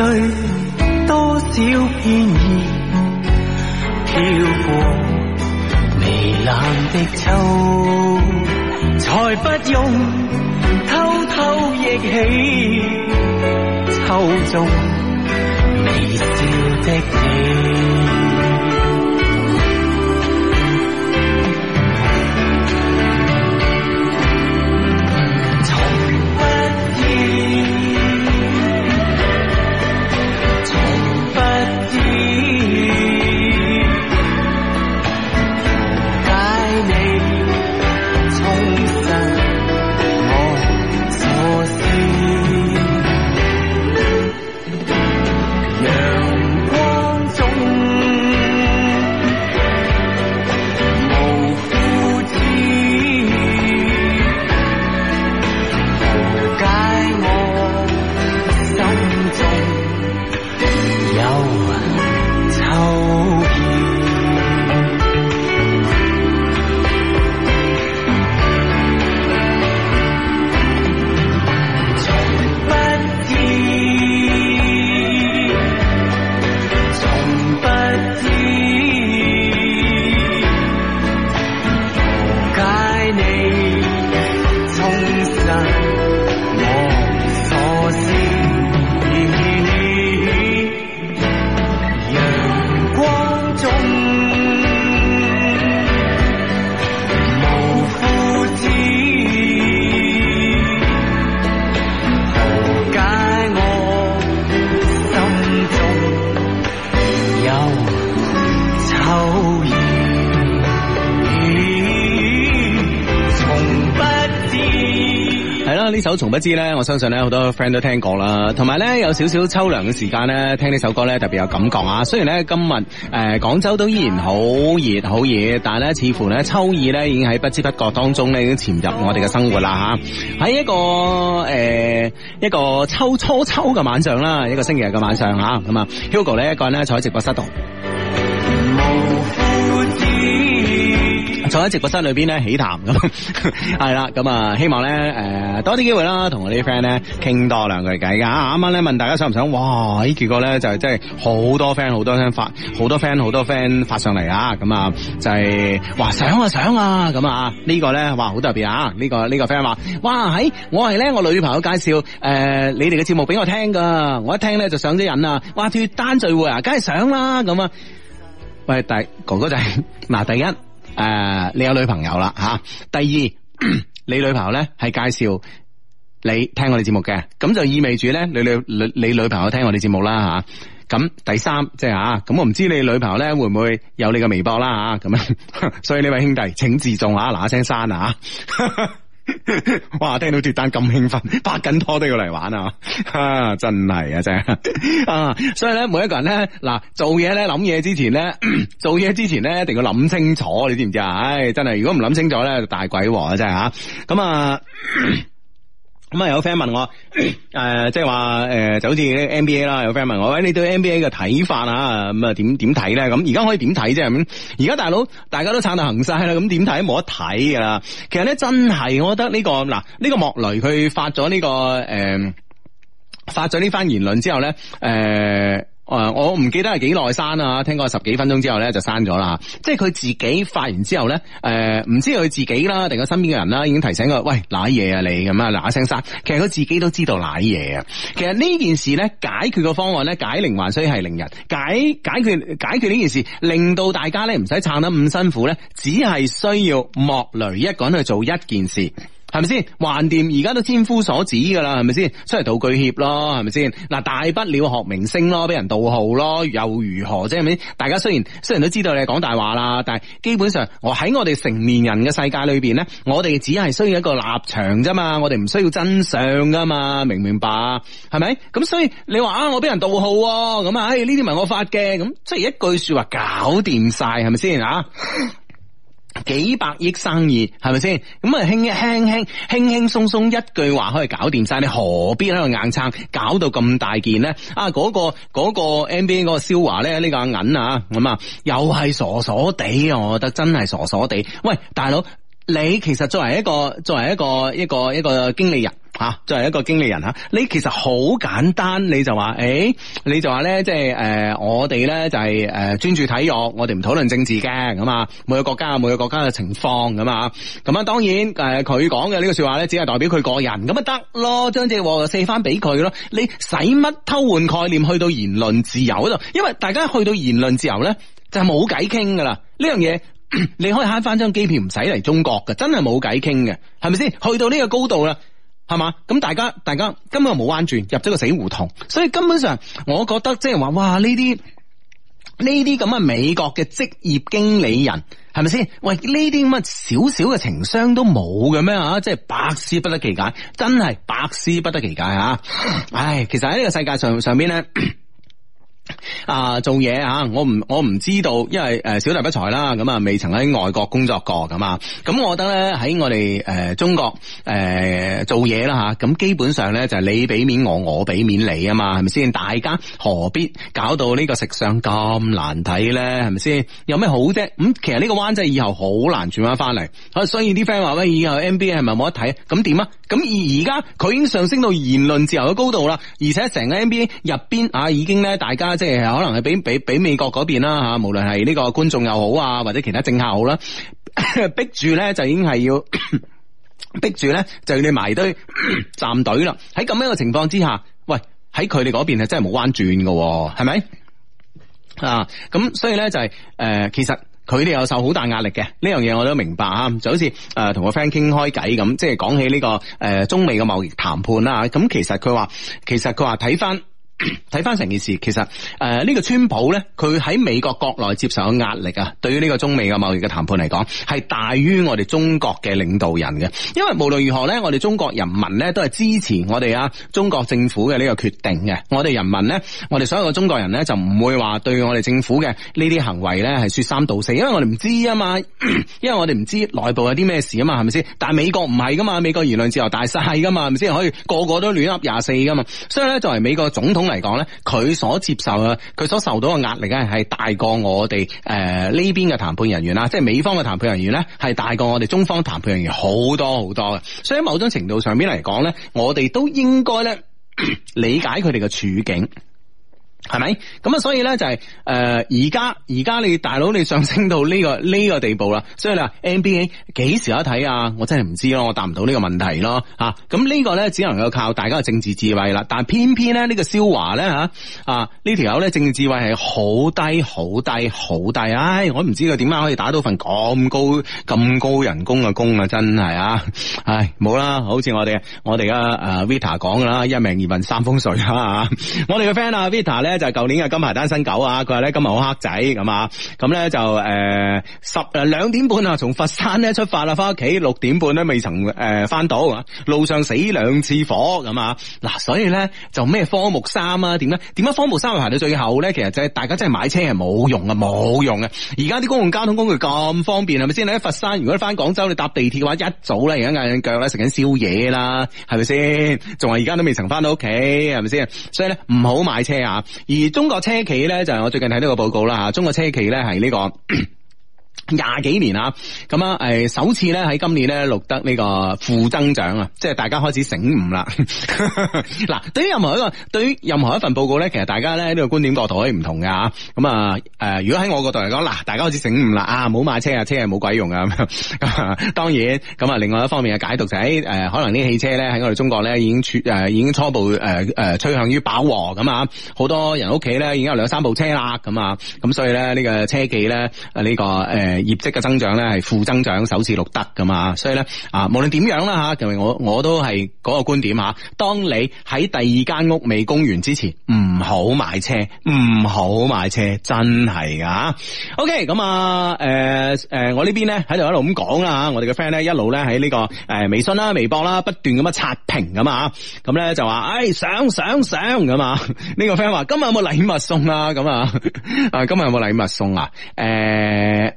對多少片葉飄過微冷的秋，才不用偷偷憶起秋中微笑的。都從不知咧，我相信咧，好多 friend 都聽過啦。同埋咧，有少少秋涼嘅時間咧，聽呢首歌咧，特別有感覺啊。雖然咧今日誒廣州都依然好熱好熱，但係咧似乎咧秋意咧已經喺不知不覺當中咧，已經潛入我哋嘅生活啦吓。喺一個誒、呃、一個秋初秋嘅晚上啦，一個星期日嘅晚上吓咁啊 Hugo 咧一個人咧坐喺直播室度。坐喺直播室裏邊咧，喜談咁係啦，咁啊，希望咧，誒、呃，多啲機會啦，同我啲 friend 咧傾多兩句偈噶。啱啱咧問大家想唔想？哇，這個呢結果咧就係真係好多 friend，好多 friend 發，好多 friend，好多 friend 發上嚟啊！咁啊，就係、是、話想啊，想啊，咁啊，啊這個、呢個咧，哇，好特別啊！呢、這個呢、這個 friend 話，哇，欸、我係咧我女朋友介紹，誒、呃，你哋嘅節目俾我聽噶，我一聽咧就上咗癮啊，話脱單聚會啊，梗係想啦，咁啊，喂，第哥哥仔，嗱、啊，第一。誒，你有女朋友啦，吓，第二你女朋友呢，係介紹你聽我哋節目嘅，咁就意味住呢，你女你女朋友聽我哋節目啦吓，咁第三即係吓，咁我唔知你女朋友呢，會唔會有你嘅微博，啦吓，咁所以呢位兄弟請自重啊，嗱，一聲刪啊。哇！聽到脫單咁興奮，拍緊拖都要嚟玩啊！真係啊，真係啊，所以咧，每一個人咧，嗱，做嘢咧，諗嘢之前咧，做嘢之前咧，一定要諗清楚，你知唔知啊？唉、哎，真係，如果唔諗清楚咧，就大鬼王啊，真係吓咁啊！啊咁啊、嗯、有 friend 問我誒、呃、即係話誒就好似 NBA 啦，有 friend 問我，喂，你對 NBA 嘅睇法吓，咁啊點點睇咧，咁而家可以點睇啫？咁而家大佬大家都撐到行晒啦，咁點睇都冇得睇噶啦。其實咧，真係我覺得呢、呢個嗱呢、呃呢個莫雷佢發咗呢、呢個誒、呃、發咗呢番言論之後咧誒。呃誒，我唔記得係幾耐刪啊？聽過十幾分鐘之後呢，就刪咗啦，即係佢自己發完之後呢，誒、呃，唔知佢自己啦，定個身邊嘅人啦，已經提醒佢喂，瀨嘢啊你咁啊，嗱一聲刪。其實佢自己都知道瀨嘢啊。其實呢件事呢，解決個方案呢，解鈴還需係鈴人解解決解決呢件事，令到大家呢，唔使撐得咁辛苦呢，只係需要莫雷一個人去做一件事。係咪先？橫掂而家都千夫所指噶啦，係咪先？出嚟道個歉咯，係咪先？嗱，大不了學明星咯，俾人盜號咯，又如何啫？係咪？大家雖然雖然都知道你係講大話啦，但係基本上在我喺我哋成年人嘅世界裏邊咧，我哋只係需要一個立場咋嘛？我哋唔需要真相噶嘛？明唔明白吧？係咪？咁所以你話啊，我俾人盜號咁啊？哎，呢啲咪我發嘅，咁即係一句說話搞掂晒，係咪先啊？幾百億生意係咪先？咁啊，輕輕輕輕鬆鬆一句話可以搞掂晒，你何必喺度硬撐，搞到咁大件呢？啊，嗰個嗰個 NBA 嗰個肖華呢，呢個銀啊咁啊，又係傻傻地啊！我覺得真係傻傻地。喂，大佬，你其實作為一個作為一個一個一個經理人。吓、啊，作為一個經理人吓，你其實好簡單，你就話，誒、欸，你就話咧，即係誒，我哋咧就係誒專注體育，我哋唔討論政治嘅咁啊。每個國家有每個國家嘅情況咁啊。咁啊，當然誒，佢講嘅呢個說話咧，只係代表佢個人，咁咪得咯。將隻鑊就卸翻俾佢咯。你使乜偷換概念去到言論自由度？因為大家去到言論自由咧，就係冇偈傾噶啦。呢樣嘢你可以慳翻張機票唔使嚟中國嘅，真係冇偈傾嘅，係咪先？去到呢個高度啦。係嘛？咁大家大家，根本就冇彎轉，入咗個死胡同。所以根本上，我覺得即係話，哇！呢啲呢啲咁嘅美國嘅職業經理人，係咪先？喂，呢啲乜少少嘅情商都冇嘅咩啊？即係百思不得其解，真係百思不得其解、啊、唉，其實喺呢個世界上上邊咧。啊，做嘢吓，我唔我唔知道，因為誒小弟不才啦，咁啊未曾喺外國工作過，咁啊，咁我覺得咧喺我哋誒、呃、中國誒做嘢啦吓，咁、呃、基本上咧就係你俾面我，我俾面你啊嘛，係咪先？大家何必搞到呢個食相咁難睇咧？係咪先？有咩好啫？咁其實呢個灣真係以後好難轉返翻嚟，所以啲 friend 話喂，以後 NBA 係咪冇得睇？咁點啊？咁而而家佢已經上升到言論自由嘅高度啦，而且成個 NBA 入邊啊已經咧大家即可能係俾俾俾美國嗰邊啦吓，無論係呢個觀眾又好啊，或者其他政客好啦， 逼住咧，就已經係要 逼住咧，就要你埋堆 站隊啦。喺咁樣嘅情況之下，喂，喺佢哋嗰邊係真係冇彎轉噶，係咪？啊，咁所以咧就係、是、誒、呃，其實佢哋有受好大壓力嘅，呢樣嘢我都明白啊。就好似誒同個 friend 傾開偈咁，即係講起呢、這個誒、呃、中美嘅貿易談判啦。咁其實佢話，其實佢話睇翻。其實他說看睇翻成件事，其實誒呢個川普呢，佢喺美國國內接受嘅壓力啊，對於呢個中美嘅貿易嘅談判嚟講，係大於我哋中國嘅領導人嘅。因為無論如何呢，我哋中國人民呢，都係支持我哋啊中國政府嘅呢個決定嘅。我哋人民呢，我哋所有嘅中國人呢，就唔會話對我哋政府嘅呢啲行為呢，係說三道四，因為我哋唔知啊嘛，因為我哋唔知內部有啲咩事啊嘛，係咪先？但係美國唔係噶嘛，美國言論自由大晒噶嘛，係咪先？可以個個都亂噏廿四噶嘛，所以呢，作為美國總統，嚟講咧，佢所接受嘅，佢所受到嘅壓力咧，係大過我哋誒呢邊嘅談判人員啦，即係美方嘅談判人員咧，係大過我哋中方談判人員好多好多嘅，所以某種程度上邊嚟講咧，我哋都應該咧 理解佢哋嘅處境。係咪？咁啊，所以咧就係、是、誒，而家而家你大佬你上升到呢、這個呢、這個地步啦，所以啦，NBA 幾時一睇啊？我真係唔知咯，我答唔到呢個問題咯吓。咁、啊、呢個咧只能夠靠大家嘅政治智慧啦。但偏偏咧呢、啊啊這個蕭華咧吓，啊呢條友咧政治智慧係好低好低好低。唉，我唔知佢點解可以打到份咁高咁高人工嘅工啊！真係啊，唉，冇啦。好似我哋我哋啊誒、uh, Vita 講噶啦，一命二運三風水啊，啊。我哋嘅 friend 啊 Vita 咧。就係舊年嘅金牌單身狗啊！佢話咧今日好黑仔咁啊，咁咧就誒，十誒兩點半啊，從佛山咧出發啦，翻屋企六點半咧未曾誒翻到，路上死兩次火咁啊！嗱，所以咧就咩科目三啊？點解？點解科目三會排到最後咧？其實就係大家真係買車係冇用啊，冇用啊。而家啲公共交通工具咁方便係咪先？喺佛山如果翻廣州，你搭地鐵嘅話，一早咧而家嗌緊腳啦，食緊宵夜啦，係咪先？仲話而家都未曾翻到屋企，係咪先？所以咧唔好買車啊！而中國車企咧，就係我最近睇到個報告啦，吓，中國車企咧係呢個。廿幾年啦，咁啊，係首次咧喺今年咧錄得呢個負增長啊，即係大家開始醒悟啦。嗱， 對於任何一個，對於任何一份報告咧，其實大家咧呢個觀點角度可以唔同噶吓，咁啊，誒，如果喺我的角度嚟講，嗱，大家開始醒悟啦啊，唔好買車啊，車係冇鬼用啊。咁啊，當然，咁啊，另外一方面嘅解讀就喺誒，可能呢啲汽車咧喺我哋中國咧已經誒，已經初步誒誒趨向於飽和咁啊，好多人屋企咧已經有兩三部車啦，咁啊，咁所以咧呢個車企咧啊呢個誒。呃業績嘅增長咧係負增長，首次錄得噶嘛，所以咧啊，無論點樣啦吓，同、啊、埋我我都係嗰個觀點吓、啊，當你喺第二間屋未供完之前，唔好買車，唔好買車，真係噶。OK，咁啊，誒、呃、誒，我邊呢邊咧喺度一路咁講啦，我哋嘅 friend 咧一路咧喺呢個誒微信啦、微博啦，不斷咁樣刷屏噶嘛，咁、啊、咧就話誒想想想噶嘛，呢、這個 friend 話今日有冇禮物送啊？咁啊，啊今日有冇禮物送啊？誒、啊。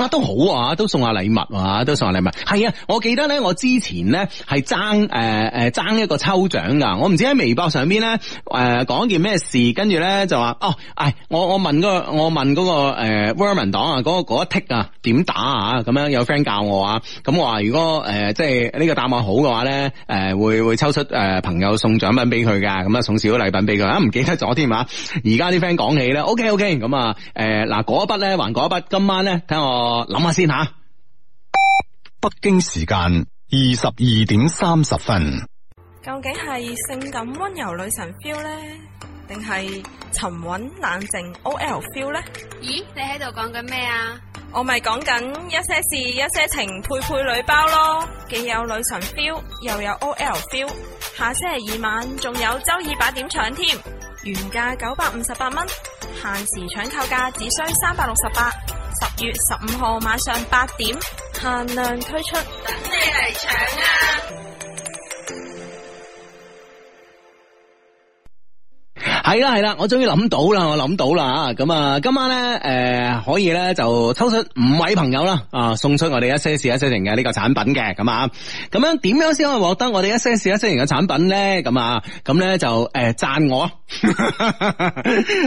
乜、啊、都好啊，都送下禮物啊，都送下禮物、啊。係啊，我記得咧，我之前咧係爭誒誒爭一個抽獎噶，我唔知喺微博上邊咧誒講件咩事，跟住咧就話哦，誒、哎、我我問嗰個我問嗰、嗰個誒 Warman 黨啊，嗰個嗰一剔啊點打啊咁樣，有 friend 教我啊，咁我話如果誒、呃、即係呢、呢個答案好嘅話咧，誒、呃、會會抽出誒、呃、朋友送獎品俾佢噶，咁啊送少少禮品俾佢，啊唔記得咗添啊，而家啲 friend 講起咧，OK OK，咁啊誒嗱嗰一筆咧還嗰一筆，今晚咧睇我。我諗下先吓，北京時間二十二點三十分，究竟係性感温柔女神 feel 咧，定係沉穩冷靜 OL feel 咧？咦，你喺度講緊咩啊？我咪講緊一些事、一些情，配配女包咯，既有女神 feel，又有 OL feel。下星期二晚仲有周二八點搶添，原價九百五十八蚊，限時搶購價只需三百六十八。十月十五號晚上八點限量推出，等你嚟搶啊！係啦係啦，我終於諗到啦，我諗到啦咁啊，今晚咧，誒、呃，可以咧就抽出五位朋友啦，啊，送出我哋一些事一些情嘅呢個產品嘅，咁、嗯、啊，咁、嗯嗯、樣點樣先可以獲得我哋一些事一些情嘅產品咧？咁、嗯、啊，咁、嗯、咧、嗯、就誒讚我，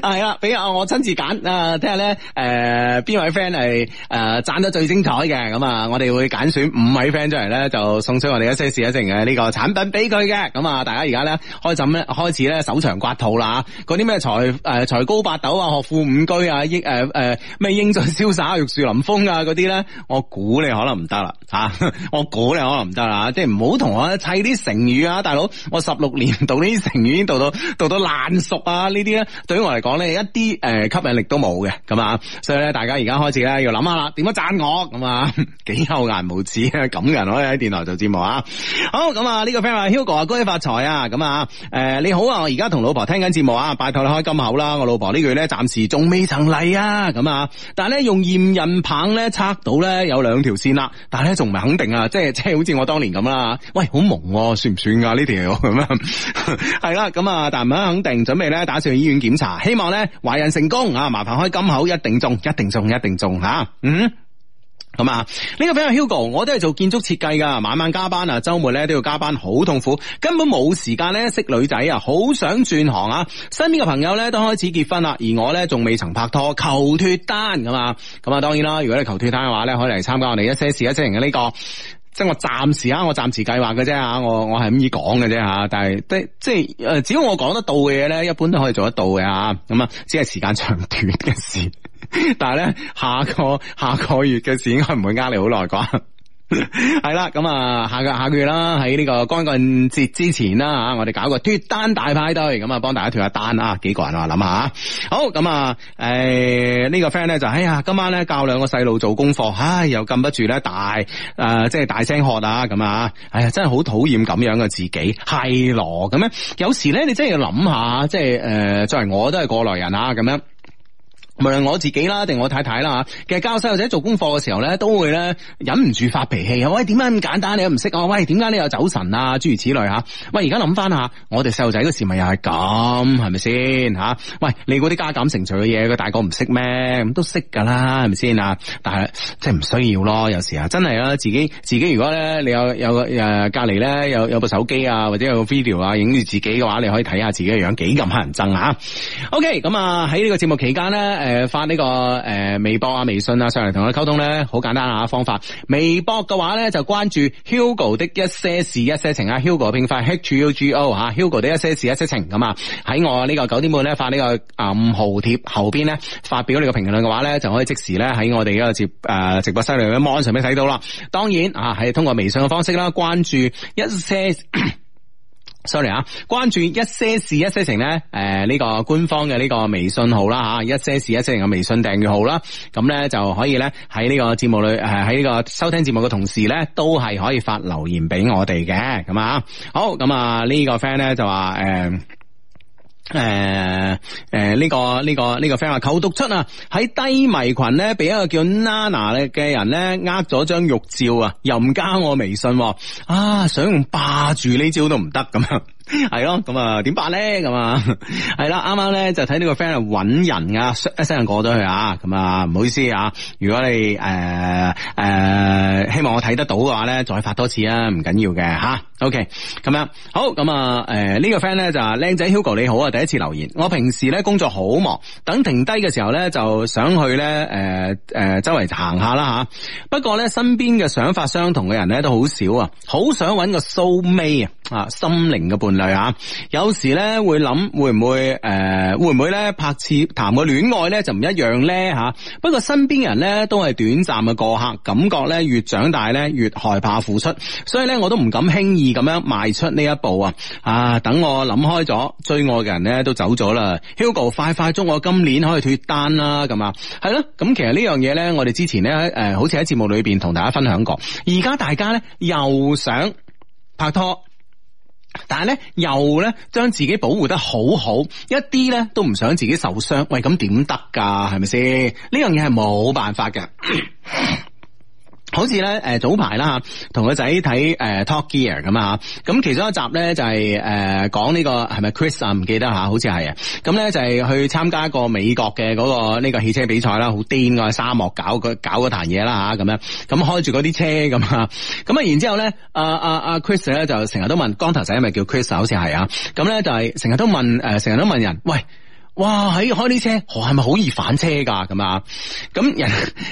係 啦，俾啊我親自揀啊，睇下咧，誒、呃，邊位 friend 係誒讚得最精彩嘅？咁、嗯、啊、嗯，我哋會揀選五位 friend 出嚟咧，就送出我哋一些事一些情嘅呢個產品俾佢嘅。咁、嗯、啊、嗯嗯，大家而家咧開始咧開始咧搜腸刮肚啦。嗰啲咩才誒才高八斗、呃、啊，學富五車啊，英誒誒咩英俊瀟灑玉樹臨風啊，嗰啲咧，我估你可能唔得啦吓，我估你可能唔得啦，即係唔好同我砌啲成語啊，大佬，我十六年讀呢啲成語已經讀到讀到爛熟啊，這些呢啲咧對於我嚟講咧一啲誒、呃、吸引力都冇嘅咁啊，所以咧大家而家開始咧要諗下啦，點樣讚我咁啊？幾厚顏無恥啊！咁人可以喺電台做節目啊，好咁啊？呢、這個 friend Hugo 哥啊，恭喜發財啊！咁啊誒、呃、你好啊，我而家同老婆聽緊節目。拜託你開金口啦，我老婆呢句咧暫時仲未曾嚟啊，咁啊，但係咧用驗孕棒咧測到咧有兩條綫啦，但係咧仲唔係肯定啊，即係即係好似我當年咁啦。喂，好蒙啊，算唔算噶呢條？咁樣係啦，咁啊， 但唔係肯定，準備咧打算去醫院檢查，希望咧懷孕成功啊！麻煩開金口，一定中，一定中，一定中吓，嗯。咁啊！呢、這個比較 Hugo，我都係做建築設計噶，晚晚加班啊，周末咧都要加班，好痛苦，根本冇時間咧識女仔啊，好想轉行啊！身邊嘅朋友咧都開始結婚啦，而我咧仲未曾拍拖，求脫單咁啊！咁啊，當然啦，如果你求脫單嘅話咧，可以嚟參加我哋一些事一些情嘅呢個，即係我暫時啊，我暫時計劃嘅啫吓，我我係咁易講嘅啫吓，但係即係誒，只要我講得到嘅嘢咧，一般都可以做得到嘅吓，咁啊，只係時間長短嘅事。 但係咧，下個下個月嘅事應該唔會呃你好耐啩。係 啦，咁、嗯、啊，下個下個月啦，喺呢個光棍節之前啦、啊，吓我哋搞個脫單大派對，咁啊幫大家脫下單啊，幾個人啊諗下、啊、好，咁、嗯、啊，誒、嗯這個、呢個 friend 咧就哎呀，今晚咧教兩個細路做功課，唉、哎、又禁不住咧大誒、呃，即係大聲喝啊咁啊、嗯，哎呀真係好討厭咁樣嘅自己係咯，咁樣有時咧你真係要諗下，即係誒、呃、作為我都係過來人啊咁樣。無論我自己啦，定我太太啦，其實教細路仔做功課嘅時候咧，都會咧忍唔住發脾氣。喂，點解咁簡單你又唔識啊？喂，點解你又走神啊？諸如此類吓。喂，而家諗翻下，我哋細路仔嗰時咪又係咁，係咪先吓？喂，你嗰啲加減乘除嘅嘢，佢大個唔識咩？咁都識噶啦，係咪先啊？但係即係唔需要咯，有時啊，真係啊，自己自己如果咧，你有有誒隔籬咧有有部手機啊，或者有個 video 啊，影住自己嘅話，你可以睇下自己嘅樣幾咁乞人憎啊。OK，咁啊喺呢個節目期間咧。誒、呃，發呢、這個誒、呃、微博啊、微信啊上嚟同我哋溝通咧，好簡單啊方法。微博嘅話咧就關注的 Hugo, 的、H U G o, 啊、Hugo 的一些事一些情啊，Hugo 拼法 H U G O 吓，Hugo 的一些事一些情咁啊，喺我呢個九點半咧發呢個啊五號帖後邊咧發表評論呢個評論嘅話咧，就可以即時咧喺我哋呢個直誒、呃、直播室裏邊網上面睇到啦。當然啊，係通過微信嘅方式啦，關注一些。sorry 啊，關注一些事一些情咧，誒、呃、呢、這個官方嘅呢個微信號啦吓，一些事一些情嘅微信訂閱號啦，咁咧就可以咧喺呢個節目裏誒喺呢個收聽節目嘅同時咧，都係可以發留言俾我哋嘅，咁啊好，咁啊呢個 friend 咧就話誒。嗯誒誒，呢個呢個呢個 friend 啊，求讀出啊！喺低迷群咧，俾一個叫 Nana 咧嘅人咧，呃咗張玉照啊，又唔加我微信，啊，想霸住呢招都唔得咁樣。係咯，咁啊，點辦咧？咁啊，係啦，啱啱咧就睇呢個 friend 係搵人啊一聲過咗去啊，咁啊，唔好意思啊，如果你誒誒、呃呃、希望我睇得到嘅話咧，再發多次啊，唔緊要嘅吓，OK，咁、啊、樣好，咁啊，誒、這個、呢個 friend 咧就靚仔 Hugo 你好啊，第一次留言，我平時咧工作好忙，等停低嘅時候咧就想去咧誒誒周圍行下啦吓，不過咧身邊嘅想法相同嘅人咧都好少啊，好想搵個 soulmate 啊啊心靈嘅伴。類、啊、有時咧會諗會唔會誒、呃、會唔會咧拍攝談個戀愛咧就唔一樣呢。吓。不過身邊人咧都係短暫嘅過客，感覺咧越長大咧越害怕付出，所以咧我都唔敢輕易咁樣邁出呢一步啊！啊，等我諗開咗，追我嘅人咧都走咗啦。Hugo 快快祝我今年可以脫單啦！咁啊，係咯。咁其實呢樣嘢呢，我哋之前咧誒，好似喺節目裏邊同大家分享過，而家大家咧又想拍拖。但係咧，又咧將自己保護得好好，一啲咧都唔想自己受傷。喂，咁點得噶？係咪先？呢樣嘢係冇辦法嘅。 好似咧，誒，早排啦吓，同個仔睇誒 Talk Gear 咁啊，咁其中一集咧就係誒講呢個係咪 Chris 啊？唔記得吓，好似係啊。咁咧就係、是、去參加一個美國嘅嗰個呢個汽車比賽啦，好癲啊，沙漠搞搞嗰壇嘢啦吓，咁樣咁開住嗰啲車咁啊。咁啊，然之後咧，阿阿阿 Chris 咧就成日都問光頭仔，係咪叫 Chris？好似係啊。咁咧就係成日都問，誒、呃，成日都問人喂。哇！喺開啲車，我係咪好易反車噶咁啊？咁人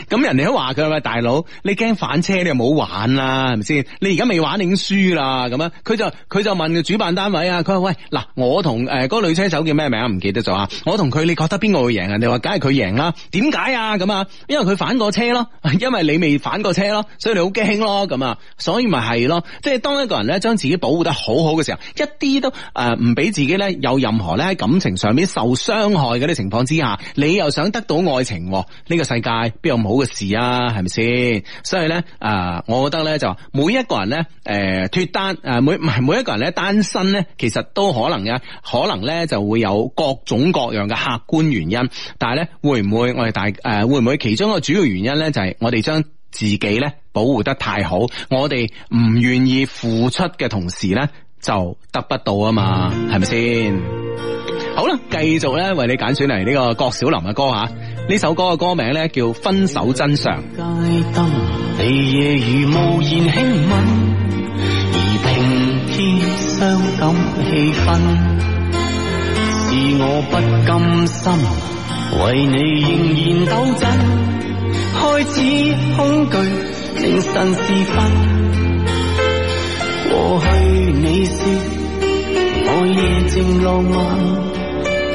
咁人哋都話佢啊嘛，大佬你驚反車，你又冇玩啦，係咪先？你而家未玩，你已經輸啦咁啊？佢就佢就問個主辦單位啊，佢話喂嗱，我同誒嗰個女車手叫咩名啊？唔記得咗啊？我同佢，你覺得邊個會贏啊？你話梗係佢贏啦？點解啊？咁啊？因為佢反過車咯，因為你未反過車咯，所以你好驚咯，咁啊？所以咪係咯？即係當一個人咧，將自己保護得好好嘅時候，一啲都誒唔俾自己咧有任何咧喺感情上面受傷。傷害嗰啲情況之下，你又想得到愛情？呢個世界邊有咁好嘅事啊？係咪先？所以呢，啊，我覺得呢，就每一個人呢誒脫單誒每唔係每一個人呢單身呢，其實都可能嘅，可能呢，就會有各種各樣嘅客觀原因。但係呢，會唔會我哋大誒會唔會其中一個主要原因呢？就係我哋將自己呢保護得太好，我哋唔願意付出嘅同時呢，就得不到啊嘛？係咪先？好啦，繼續咧為你揀選嚟呢個郭小林嘅歌吓，呢首歌嘅歌名咧叫《分手真相》。街燈，你夜如無言輕吻，而平添傷感氣氛。是我不甘心，為你仍然抖震，開始恐懼凌晨時分。過去你是我夜靜浪漫。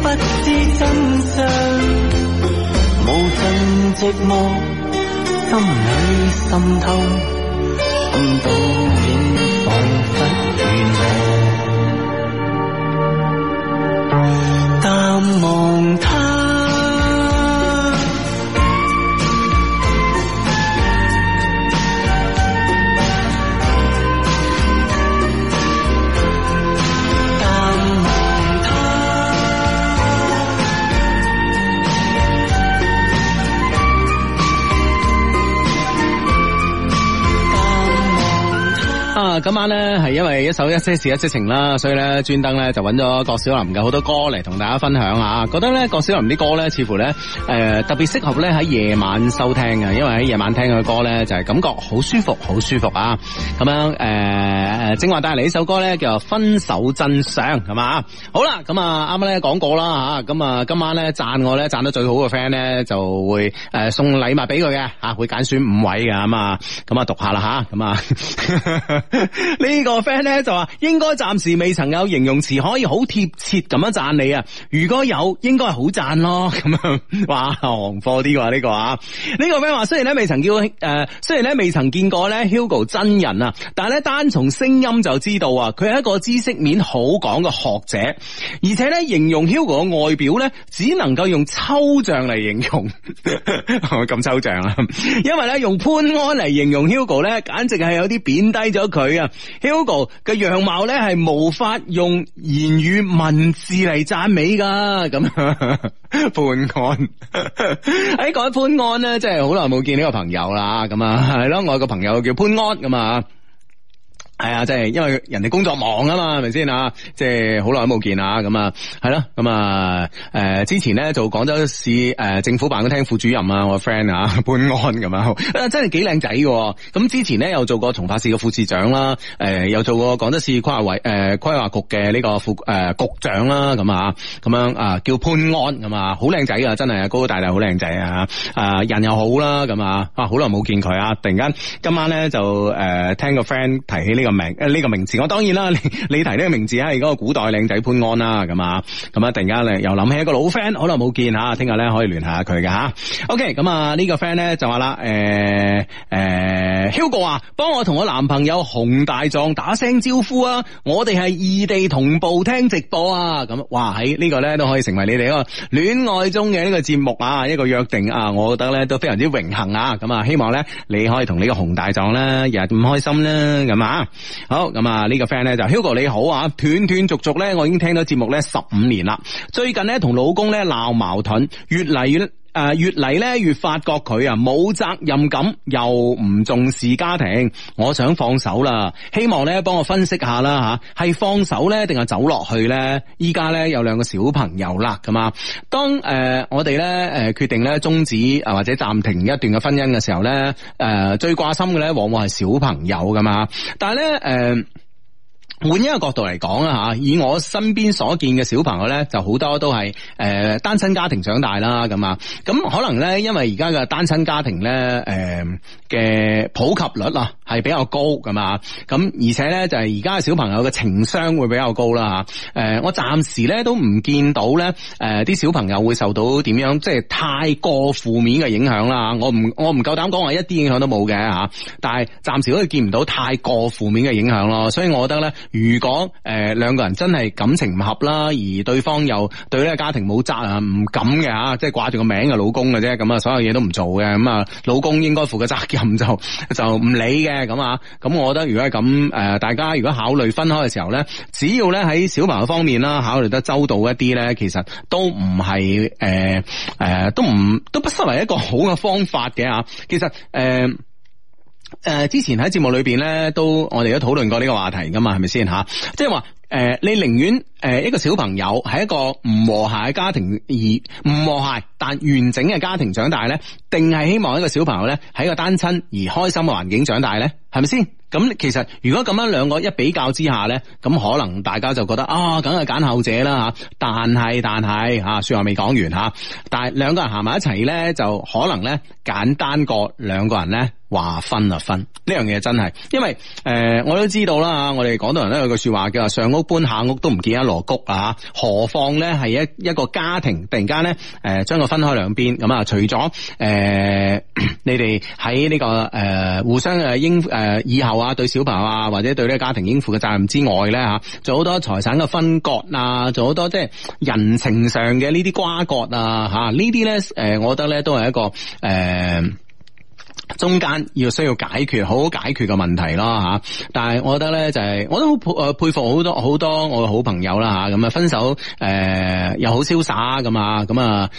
不知真相，無盡寂寞，心裏心痛。今晚咧係因為一首一些事一些情啦，所以咧專登咧就揾咗郭小林嘅好多歌嚟同大家分享啊！覺得咧郭小林啲歌咧似乎咧誒特別適合咧喺夜晚收聽啊。因為喺夜晚聽佢嘅歌咧就係感覺好舒服，好舒服啊！咁樣誒誒，正話帶嚟呢首歌咧叫分手真相係嘛？好啦，咁啊啱啱咧講過啦吓，咁啊今晚咧讚我咧讚得最好嘅 friend 咧就會誒送禮物俾佢嘅吓，會揀選五位㗎咁啊，咁啊讀一下啦吓，咁啊。呢個 friend 咧就話，應該暫時未曾有形容詞可以好貼切咁樣讚你啊。如果有，應該係好讚咯。咁樣話行貨啲嘅呢個啊。呢、呢個 friend 話，雖然咧未曾叫誒、呃，雖然咧未曾見過咧 Hugo 真人啊，但係咧單從聲音就知道啊，佢係一個知識面好廣嘅學者，而且咧形容 Hugo 嘅外表咧，只能夠用抽象嚟形容，咁 抽象啊。因為咧用潘安嚟形容 Hugo 咧，簡直係有啲貶低咗佢啊。Hugo 嘅樣貌咧係無法用言語文字嚟讚美噶，咁潘安喺講、哎、潘安咧，即係好耐冇見呢個朋友啦，咁啊係咯，我有個朋友叫潘安㗎嘛。係啊，即係、哎就是、因為人哋工作忙啊嘛，係咪先啊？即係好耐都冇見啊，咁、嗯、啊，係咯，咁啊，誒，之前咧做廣州市誒、呃、政府辦公廳副主任啊，我 friend 啊潘安咁樣，誒，真係幾靚仔嘅。咁之前咧又做過從化市嘅副市長啦，誒，又做過廣、啊呃、州市規劃委誒規劃局嘅呢個副誒、呃、局長啦，咁啊，咁樣啊叫潘安咁啊，好靚仔啊，真係高高大大，好靚仔啊，啊人又好啦，咁啊，啊，好耐、啊、冇、啊、見佢啊，突然間今晚咧就誒、呃、聽個 friend 提起呢、這個。個名誒呢個名字，我當然啦，你你提呢個名字係嗰個古代靚仔潘安啦，咁啊，咁啊突然間咧又諗起一個老 friend，好耐冇見吓，聽日咧可以聯下佢嘅吓。OK，咁啊呢個 friend 咧就話啦，誒誒，Hugo 啊，幫我同我男朋友洪大壯打聲招呼啊，我哋係異地同步聽直播啊，咁哇喺呢個咧都可以成為你哋一個戀愛中嘅呢個節目啊，一個約定啊，我覺得咧都非常之榮幸啊，咁啊希望咧你可以同呢個洪大壯咧、啊、日日咁開心啦，咁啊。好咁啊！呢個 friend 咧就 Hugo 你好啊，斷斷續續咧我已經聽到節目咧十五年啦，最近咧同老公咧鬧矛盾，越嚟越。誒，越嚟咧越發覺佢啊冇責任感，又唔重視家庭，我想放手啦。希望咧幫我分析下啦吓，係放手咧，定係走落去咧？依家咧有兩個小朋友啦，咁啊，當誒我哋咧誒決定咧終止啊或者暫停一段嘅婚姻嘅時候咧，誒最掛心嘅咧往往係小朋友㗎嘛。但係咧誒。呃換一個角度嚟講啦吓，以我身邊所見嘅小朋友呢，就好多都係誒、呃、單親家庭長大啦咁啊，咁可能呢，因為而家嘅單親家庭呢誒嘅普及率啊係比較高係嘛，咁而且呢，就係而家嘅小朋友嘅情商會比較高啦吓，呃，我暫時呢都唔見到呢誒啲小朋友會受到點樣即係太過負面嘅影響啦，我唔我唔夠膽講話一啲影響都冇嘅吓，但係暫時都係見唔到太過負面嘅影響咯，所以我覺得呢。如果誒、呃、兩個人真係感情唔合啦，而對方又對呢個家庭冇責啊，唔敢嘅吓，即係掛住個名嘅老公嘅啫，咁啊，所有嘢都唔做嘅，咁啊，老公應該負嘅責任就就唔理嘅，咁啊，咁我覺得如果係咁，誒、呃，大家如果考慮分開嘅時候咧，只要咧喺小朋友方面啦，考慮得周到一啲咧，其實都唔係誒誒，都唔都不失為一個好嘅方法嘅、啊、其實誒。呃誒、呃，之前喺節目裏邊咧，都我哋都討論過呢個話題噶嘛，係咪先吓？即係話，誒、呃，你寧願誒、呃、一個小朋友係一個唔和諧嘅家庭而唔和諧，但完整嘅家庭長大咧，定係希望一個小朋友咧喺一個單親而開心嘅環境長大咧？係咪先？咁其實如果咁樣兩個一比較之下咧，咁可能大家就覺得啊，梗係揀後者啦吓。但係但係吓，說話未講完吓。但係兩個人行埋一齊咧，就可能咧簡單過兩個人咧話分就分呢樣嘢真係，因為誒、呃、我都知道啦吓，我哋廣東人咧有句說話叫上屋搬下屋都唔見一籮穀啊，何況咧係一一個家庭突然間咧誒將佢分開兩邊咁啊？除咗誒、呃、你哋喺呢個誒、呃、互相誒應誒、呃、以後。話對小朋友啊，或者對呢個家庭應負嘅責任之外咧吓，做好多財產嘅分割啊，做好多即係人情上嘅呢啲瓜葛啊，吓，呢啲咧，誒，我覺得咧都係一個誒。呃中間要需要解決好好解決嘅問題囉。但係我覺得咧就係、是、我都好誒佩服好多好多我嘅好朋友啦，咁啊分手誒、呃、又好瀟灑咁啊，咁啊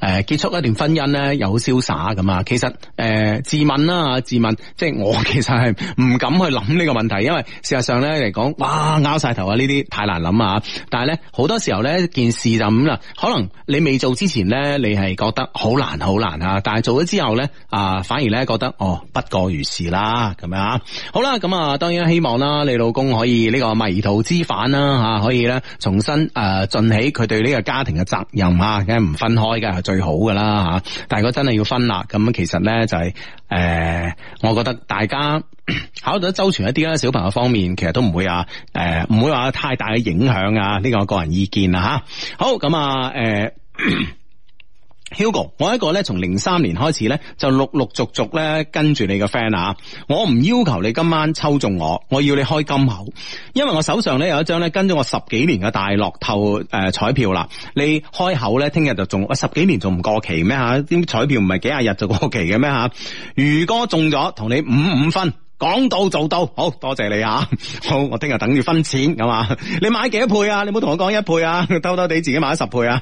誒結束一段婚姻咧又好瀟灑咁啊，其實誒、呃、自問啦，自問即係我其實係唔敢去諗呢個問題，因為事實上咧嚟講，哇拗晒頭啊呢啲太難諗啊，但係咧好多時候咧件事就咁、是、啦，可能你未做之前咧你係覺得好難好難啊，但係做咗之後咧啊～啊，反而咧覺得哦，不過如是啦，咁樣啊，好啦，咁啊，當然希望啦，你老公可以呢個迷途知返啦，吓可以咧重新誒盡、呃、起佢對呢個家庭嘅責任啊，梗係唔分開嘅係最好噶啦吓，但係如果真係要分啦，咁其實咧就係、是、誒、呃，我覺得大家考慮周全一啲啦，小朋友方面其實都唔會啊，誒、呃、唔會話太大嘅影響啊，呢、這個個人意見啊，好咁啊，誒。呃 Hugo，我一個咧從零三年開始咧就陸陸續續咧跟住你個 friend 啊，我唔要求你今晚抽中我，我要你開金口，因為我手上咧有一張咧跟咗我十幾年嘅大樂透誒彩票啦，你開口咧聽日就中，啊十幾年仲唔過期咩吓？啲彩票唔係幾廿日就過期嘅咩吓？如果中咗，同你五五分。講到做到，好多謝你啊！好，我聽日等住分錢咁啊！你買幾多倍啊？你冇同我講一倍啊，偷偷地自己買咗十倍啊！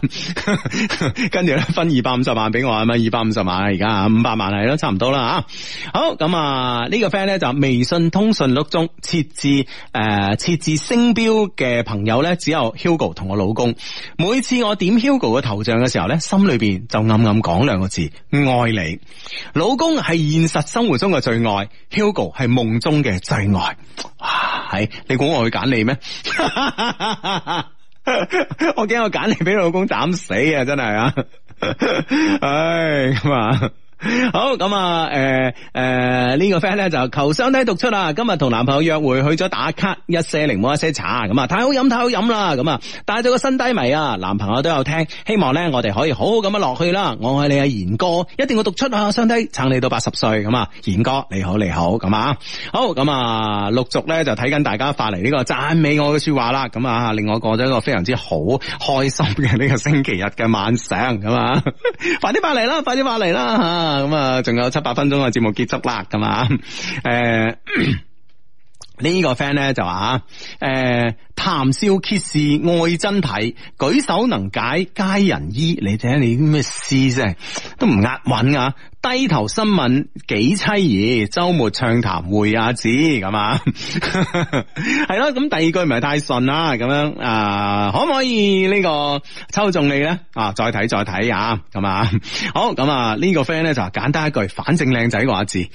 跟住咧分二百五十萬俾我，係咪二百五十萬啊？而家五百萬係咯，差唔多啦吓。好咁啊，呢個 friend 咧就微信通訊錄中設置誒設置星標嘅朋友咧，只有 Hugo 同我老公。每次我點 Hugo 嘅頭像嘅時候咧，心裏邊就暗暗講兩個字：愛你，老公係現實生活中嘅最愛，Hugo 係夢中嘅最愛，啊，係你估我會揀你咩？ 我驚我揀你俾老公斬死啊！真係啊，唉咁啊！好咁啊，誒誒呢個 friend 咧，就求相低讀出啦，今日同男朋友約會去咗打卡，一些檸檬，一些茶，咁啊太好飲，太好飲啦，咁啊帶咗個新低迷啊，男朋友都有聽，希望咧我哋可以好好咁樣落去啦，我愛你啊，賢哥，一定要讀出啊，相低撐你到八十歲，咁啊，賢哥你好你好，咁啊，好咁啊陸續咧就睇緊大家發嚟呢個讚美我嘅說話啦，咁啊令我過咗一個非常之好開心嘅呢個星期日嘅晚上，咁啊， 快啲發嚟啦，快啲發嚟啦吓！咁啊，仲、嗯、有七八分鐘啊，節目結束啦，咁、欸、啊，誒，呢、這個 friend 咧就話誒，談、欸、笑揭示愛真體，舉手能解佳人衣，你睇下你啲咩詩啫，都唔押韻啊。低頭新聞幾妻兒，周末暢談會阿子咁啊，係囉。咁 第二句唔係太順啦，咁樣啊，可唔可以呢個抽中你咧？啊，再睇再睇啊，咁啊，好，咁啊呢個 friend 咧就簡單一句，反正靚仔個阿字，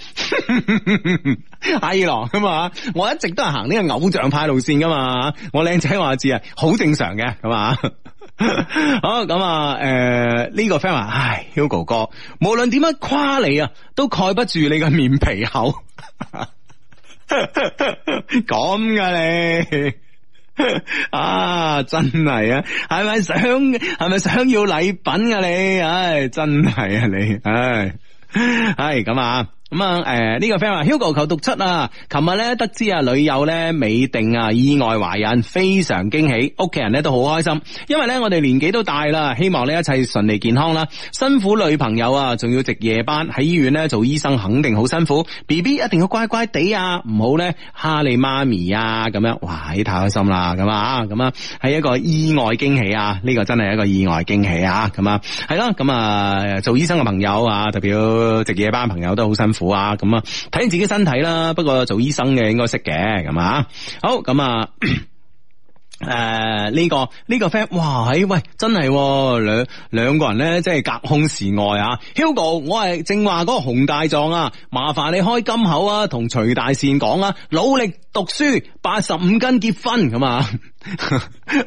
阿二郎咁啊，我一直都係行呢個偶像派路線噶嘛，我靚仔個阿字啊，好正常嘅，咁啊。 好咁啊！誒，呢、呃這個 friend 話，唉，Hugo 哥，無論點樣誇你啊，都蓋不住你嘅面皮厚。咁 噶、啊、你？啊，真係啊，係咪想？係咪想要禮品啊？你，唉，真係啊，你，唉，係咁啊。咁啊，誒呢、嗯嗯呢個 friend 話，Hugo 求讀七啊，琴日咧得知啊女友咧未定啊意外懷孕，非常驚喜，屋企人咧都好開心，因為咧我哋年紀都大啦，希望呢一切順利健康啦，辛苦女朋友啊，仲要值夜班喺醫院咧做醫生，肯定好辛苦，B B 一定要乖乖地啊，唔好咧蝦你媽咪啊，咁樣，哇，太開心啦，咁啊，咁啊係一個意外驚喜啊，呢、呢個真係一個意外驚喜啊，咁啊係啦咁啊做醫生嘅朋友啊，特別值夜班朋友都好辛苦。苦啊，咁啊，睇自己身體啦。不過做醫生嘅應該識嘅，咁啊。好，咁啊，誒、呃，呢、這個呢、這個 friend，哇，哎、欸、喂，真係兩兩個人咧，真係隔空示愛啊！Hugo，我係正話嗰個熊大壯啊，麻煩你開金口啊，同徐大善講啊，努力。讀書八十五斤結婚咁啊，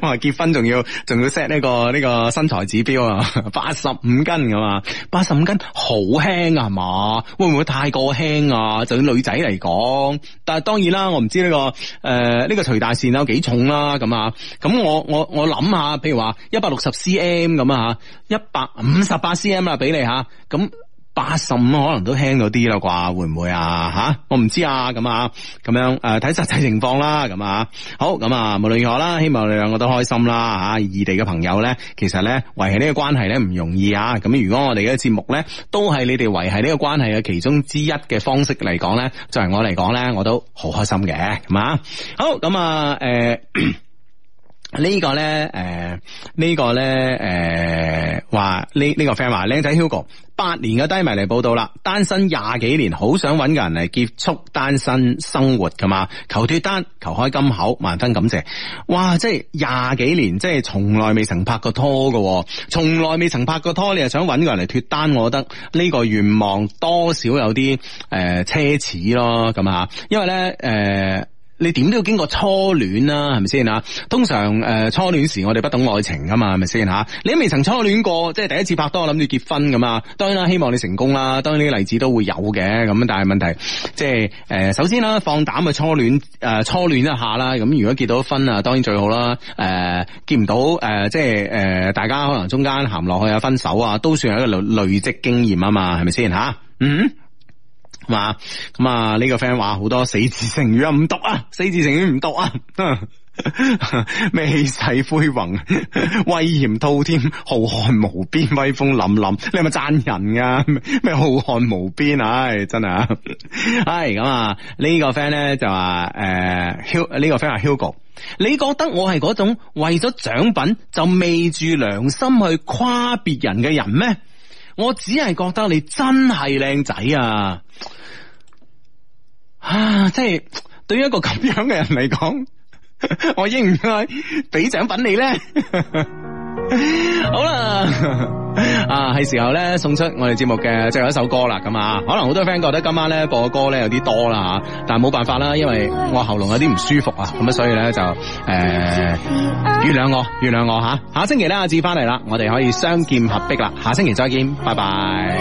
我話 結婚仲要仲要 set 呢、這個呢、這個身材指標啊，八十五斤咁啊，八十五斤好輕啊，係嘛？會唔會太過輕啊？就對女仔嚟講，但係當然啦，我唔知呢、這個誒呢、呃這個徐大善有幾重啦，咁啊，咁我我我諗下，譬如話一百六十 cm 咁啊，一百五十八 cm 啊，俾你吓咁。八十五可能都輕咗啲啦啩，會唔會啊？吓、啊，我唔知啊，咁啊，咁樣、呃、誒，睇實際情況啦，咁啊，好咁啊，無論如何啦，希望你兩個都開心啦、啊，吓、啊，異地嘅朋友呢，其實呢，維繫呢個關係呢，唔容易啊，咁如果我哋嘅節目呢，都係你哋維繫呢個關係嘅其中之一嘅方式嚟講呢，作為我嚟講呢，我都好開心嘅，咁啊，好咁啊，誒、呃。 這個呢、呃這個咧，誒、呃、呢、這個咧，誒話呢呢個 friend 話，靚仔 Hugo 八年嘅低迷嚟報道啦，單身廿幾年，好想搵個人嚟結束單身生活㗎嘛，求脱單，求開金口，萬分感謝。哇，即係廿幾年，即係從來未曾拍過拖嘅，從來未曾拍過拖，你又想搵個人嚟脱單，我覺得呢個願望多少有啲誒奢侈咯，咁吓，因為咧，誒、呃。你點都要經過初戀啦，係咪先啊？通常誒，初戀時我哋不懂愛情噶嘛，係咪先吓？你都未曾初戀過，即係第一次拍拖諗住結婚㗎嘛。當然啦，希望你成功啦。當然呢啲例子都會有嘅。咁但係問題即係誒，首先啦，放膽去初戀誒，初戀一下啦。咁如果結到婚啊，當然最好啦。誒、呃，結唔到誒，即係誒，大家可能中間行落去啊，分手啊，都算係一個累累積經驗啊嘛，係咪先吓？嗯。嘛咁啊！呢個 friend 話好多四字成語啊，唔讀啊，四字成語唔讀啊，咩氣勢恢宏，威嚴滔天，浩瀚無邊，威風凜凜。你係咪讚人啊？咩浩瀚無邊，唉、哎，真係。係咁啊！呢個 friend 咧就話，誒、呃，呢、這個 friend 話 Hugo，你覺得我係嗰種為咗獎品就昧住良心去誇別人嘅人咩？我只係覺得你真係靚仔啊！啊，即係對於一個咁樣嘅人嚟講，我應唔應該俾獎品你咧？好啦，啊，係時候咧送出我哋節目嘅最後一首歌啦，咁啊，可能好多 friend 覺得今晚咧播嘅歌咧有啲多啦吓，但係冇辦法啦，因為我喉嚨有啲唔舒服啊，咁啊，所以咧就誒、呃，原諒我，原諒我吓，下星期咧阿志翻嚟啦，我哋可以雙劍合璧啦，下星期再見，拜拜。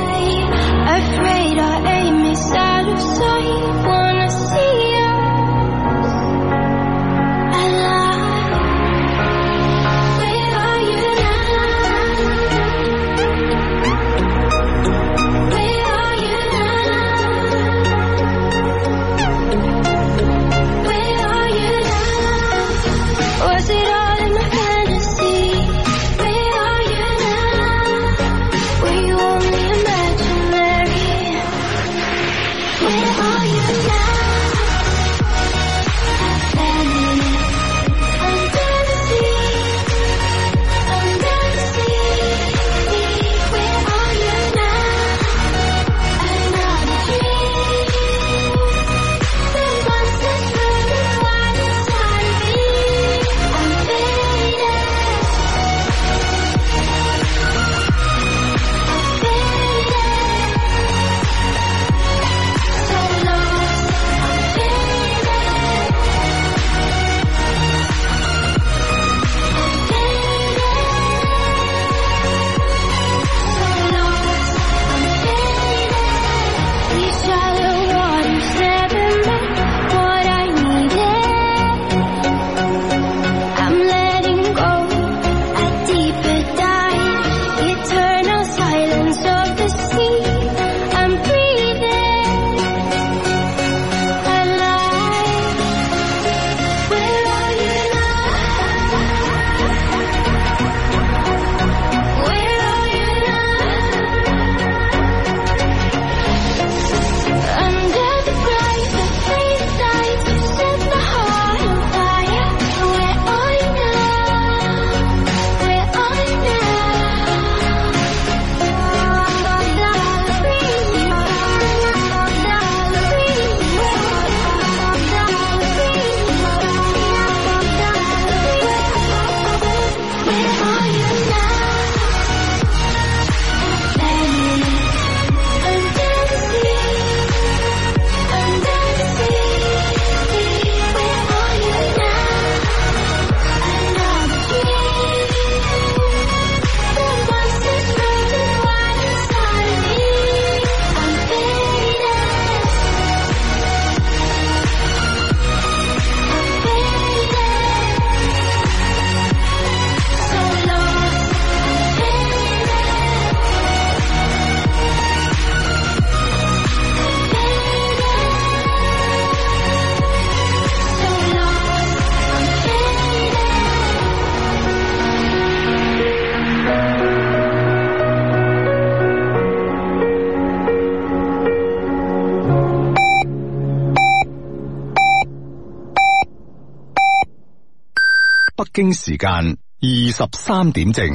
時間二十三點正，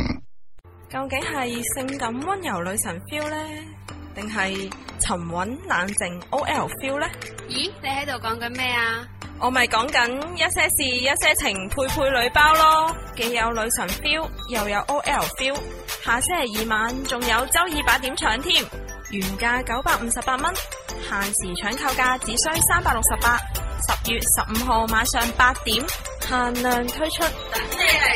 究竟係性感溫柔女神 feel 呢？定係沉穩冷靜 OL feel 呢？咦，你喺度講緊咩啊？我咪講緊一些事、一些情，配配女包咯，既有女神 feel，又有 OL feel。下星期二晚仲有周二八點搶添，原價九百五十八蚊，限時搶購價只需三百六十八。十月十五號晚上八點限量推出。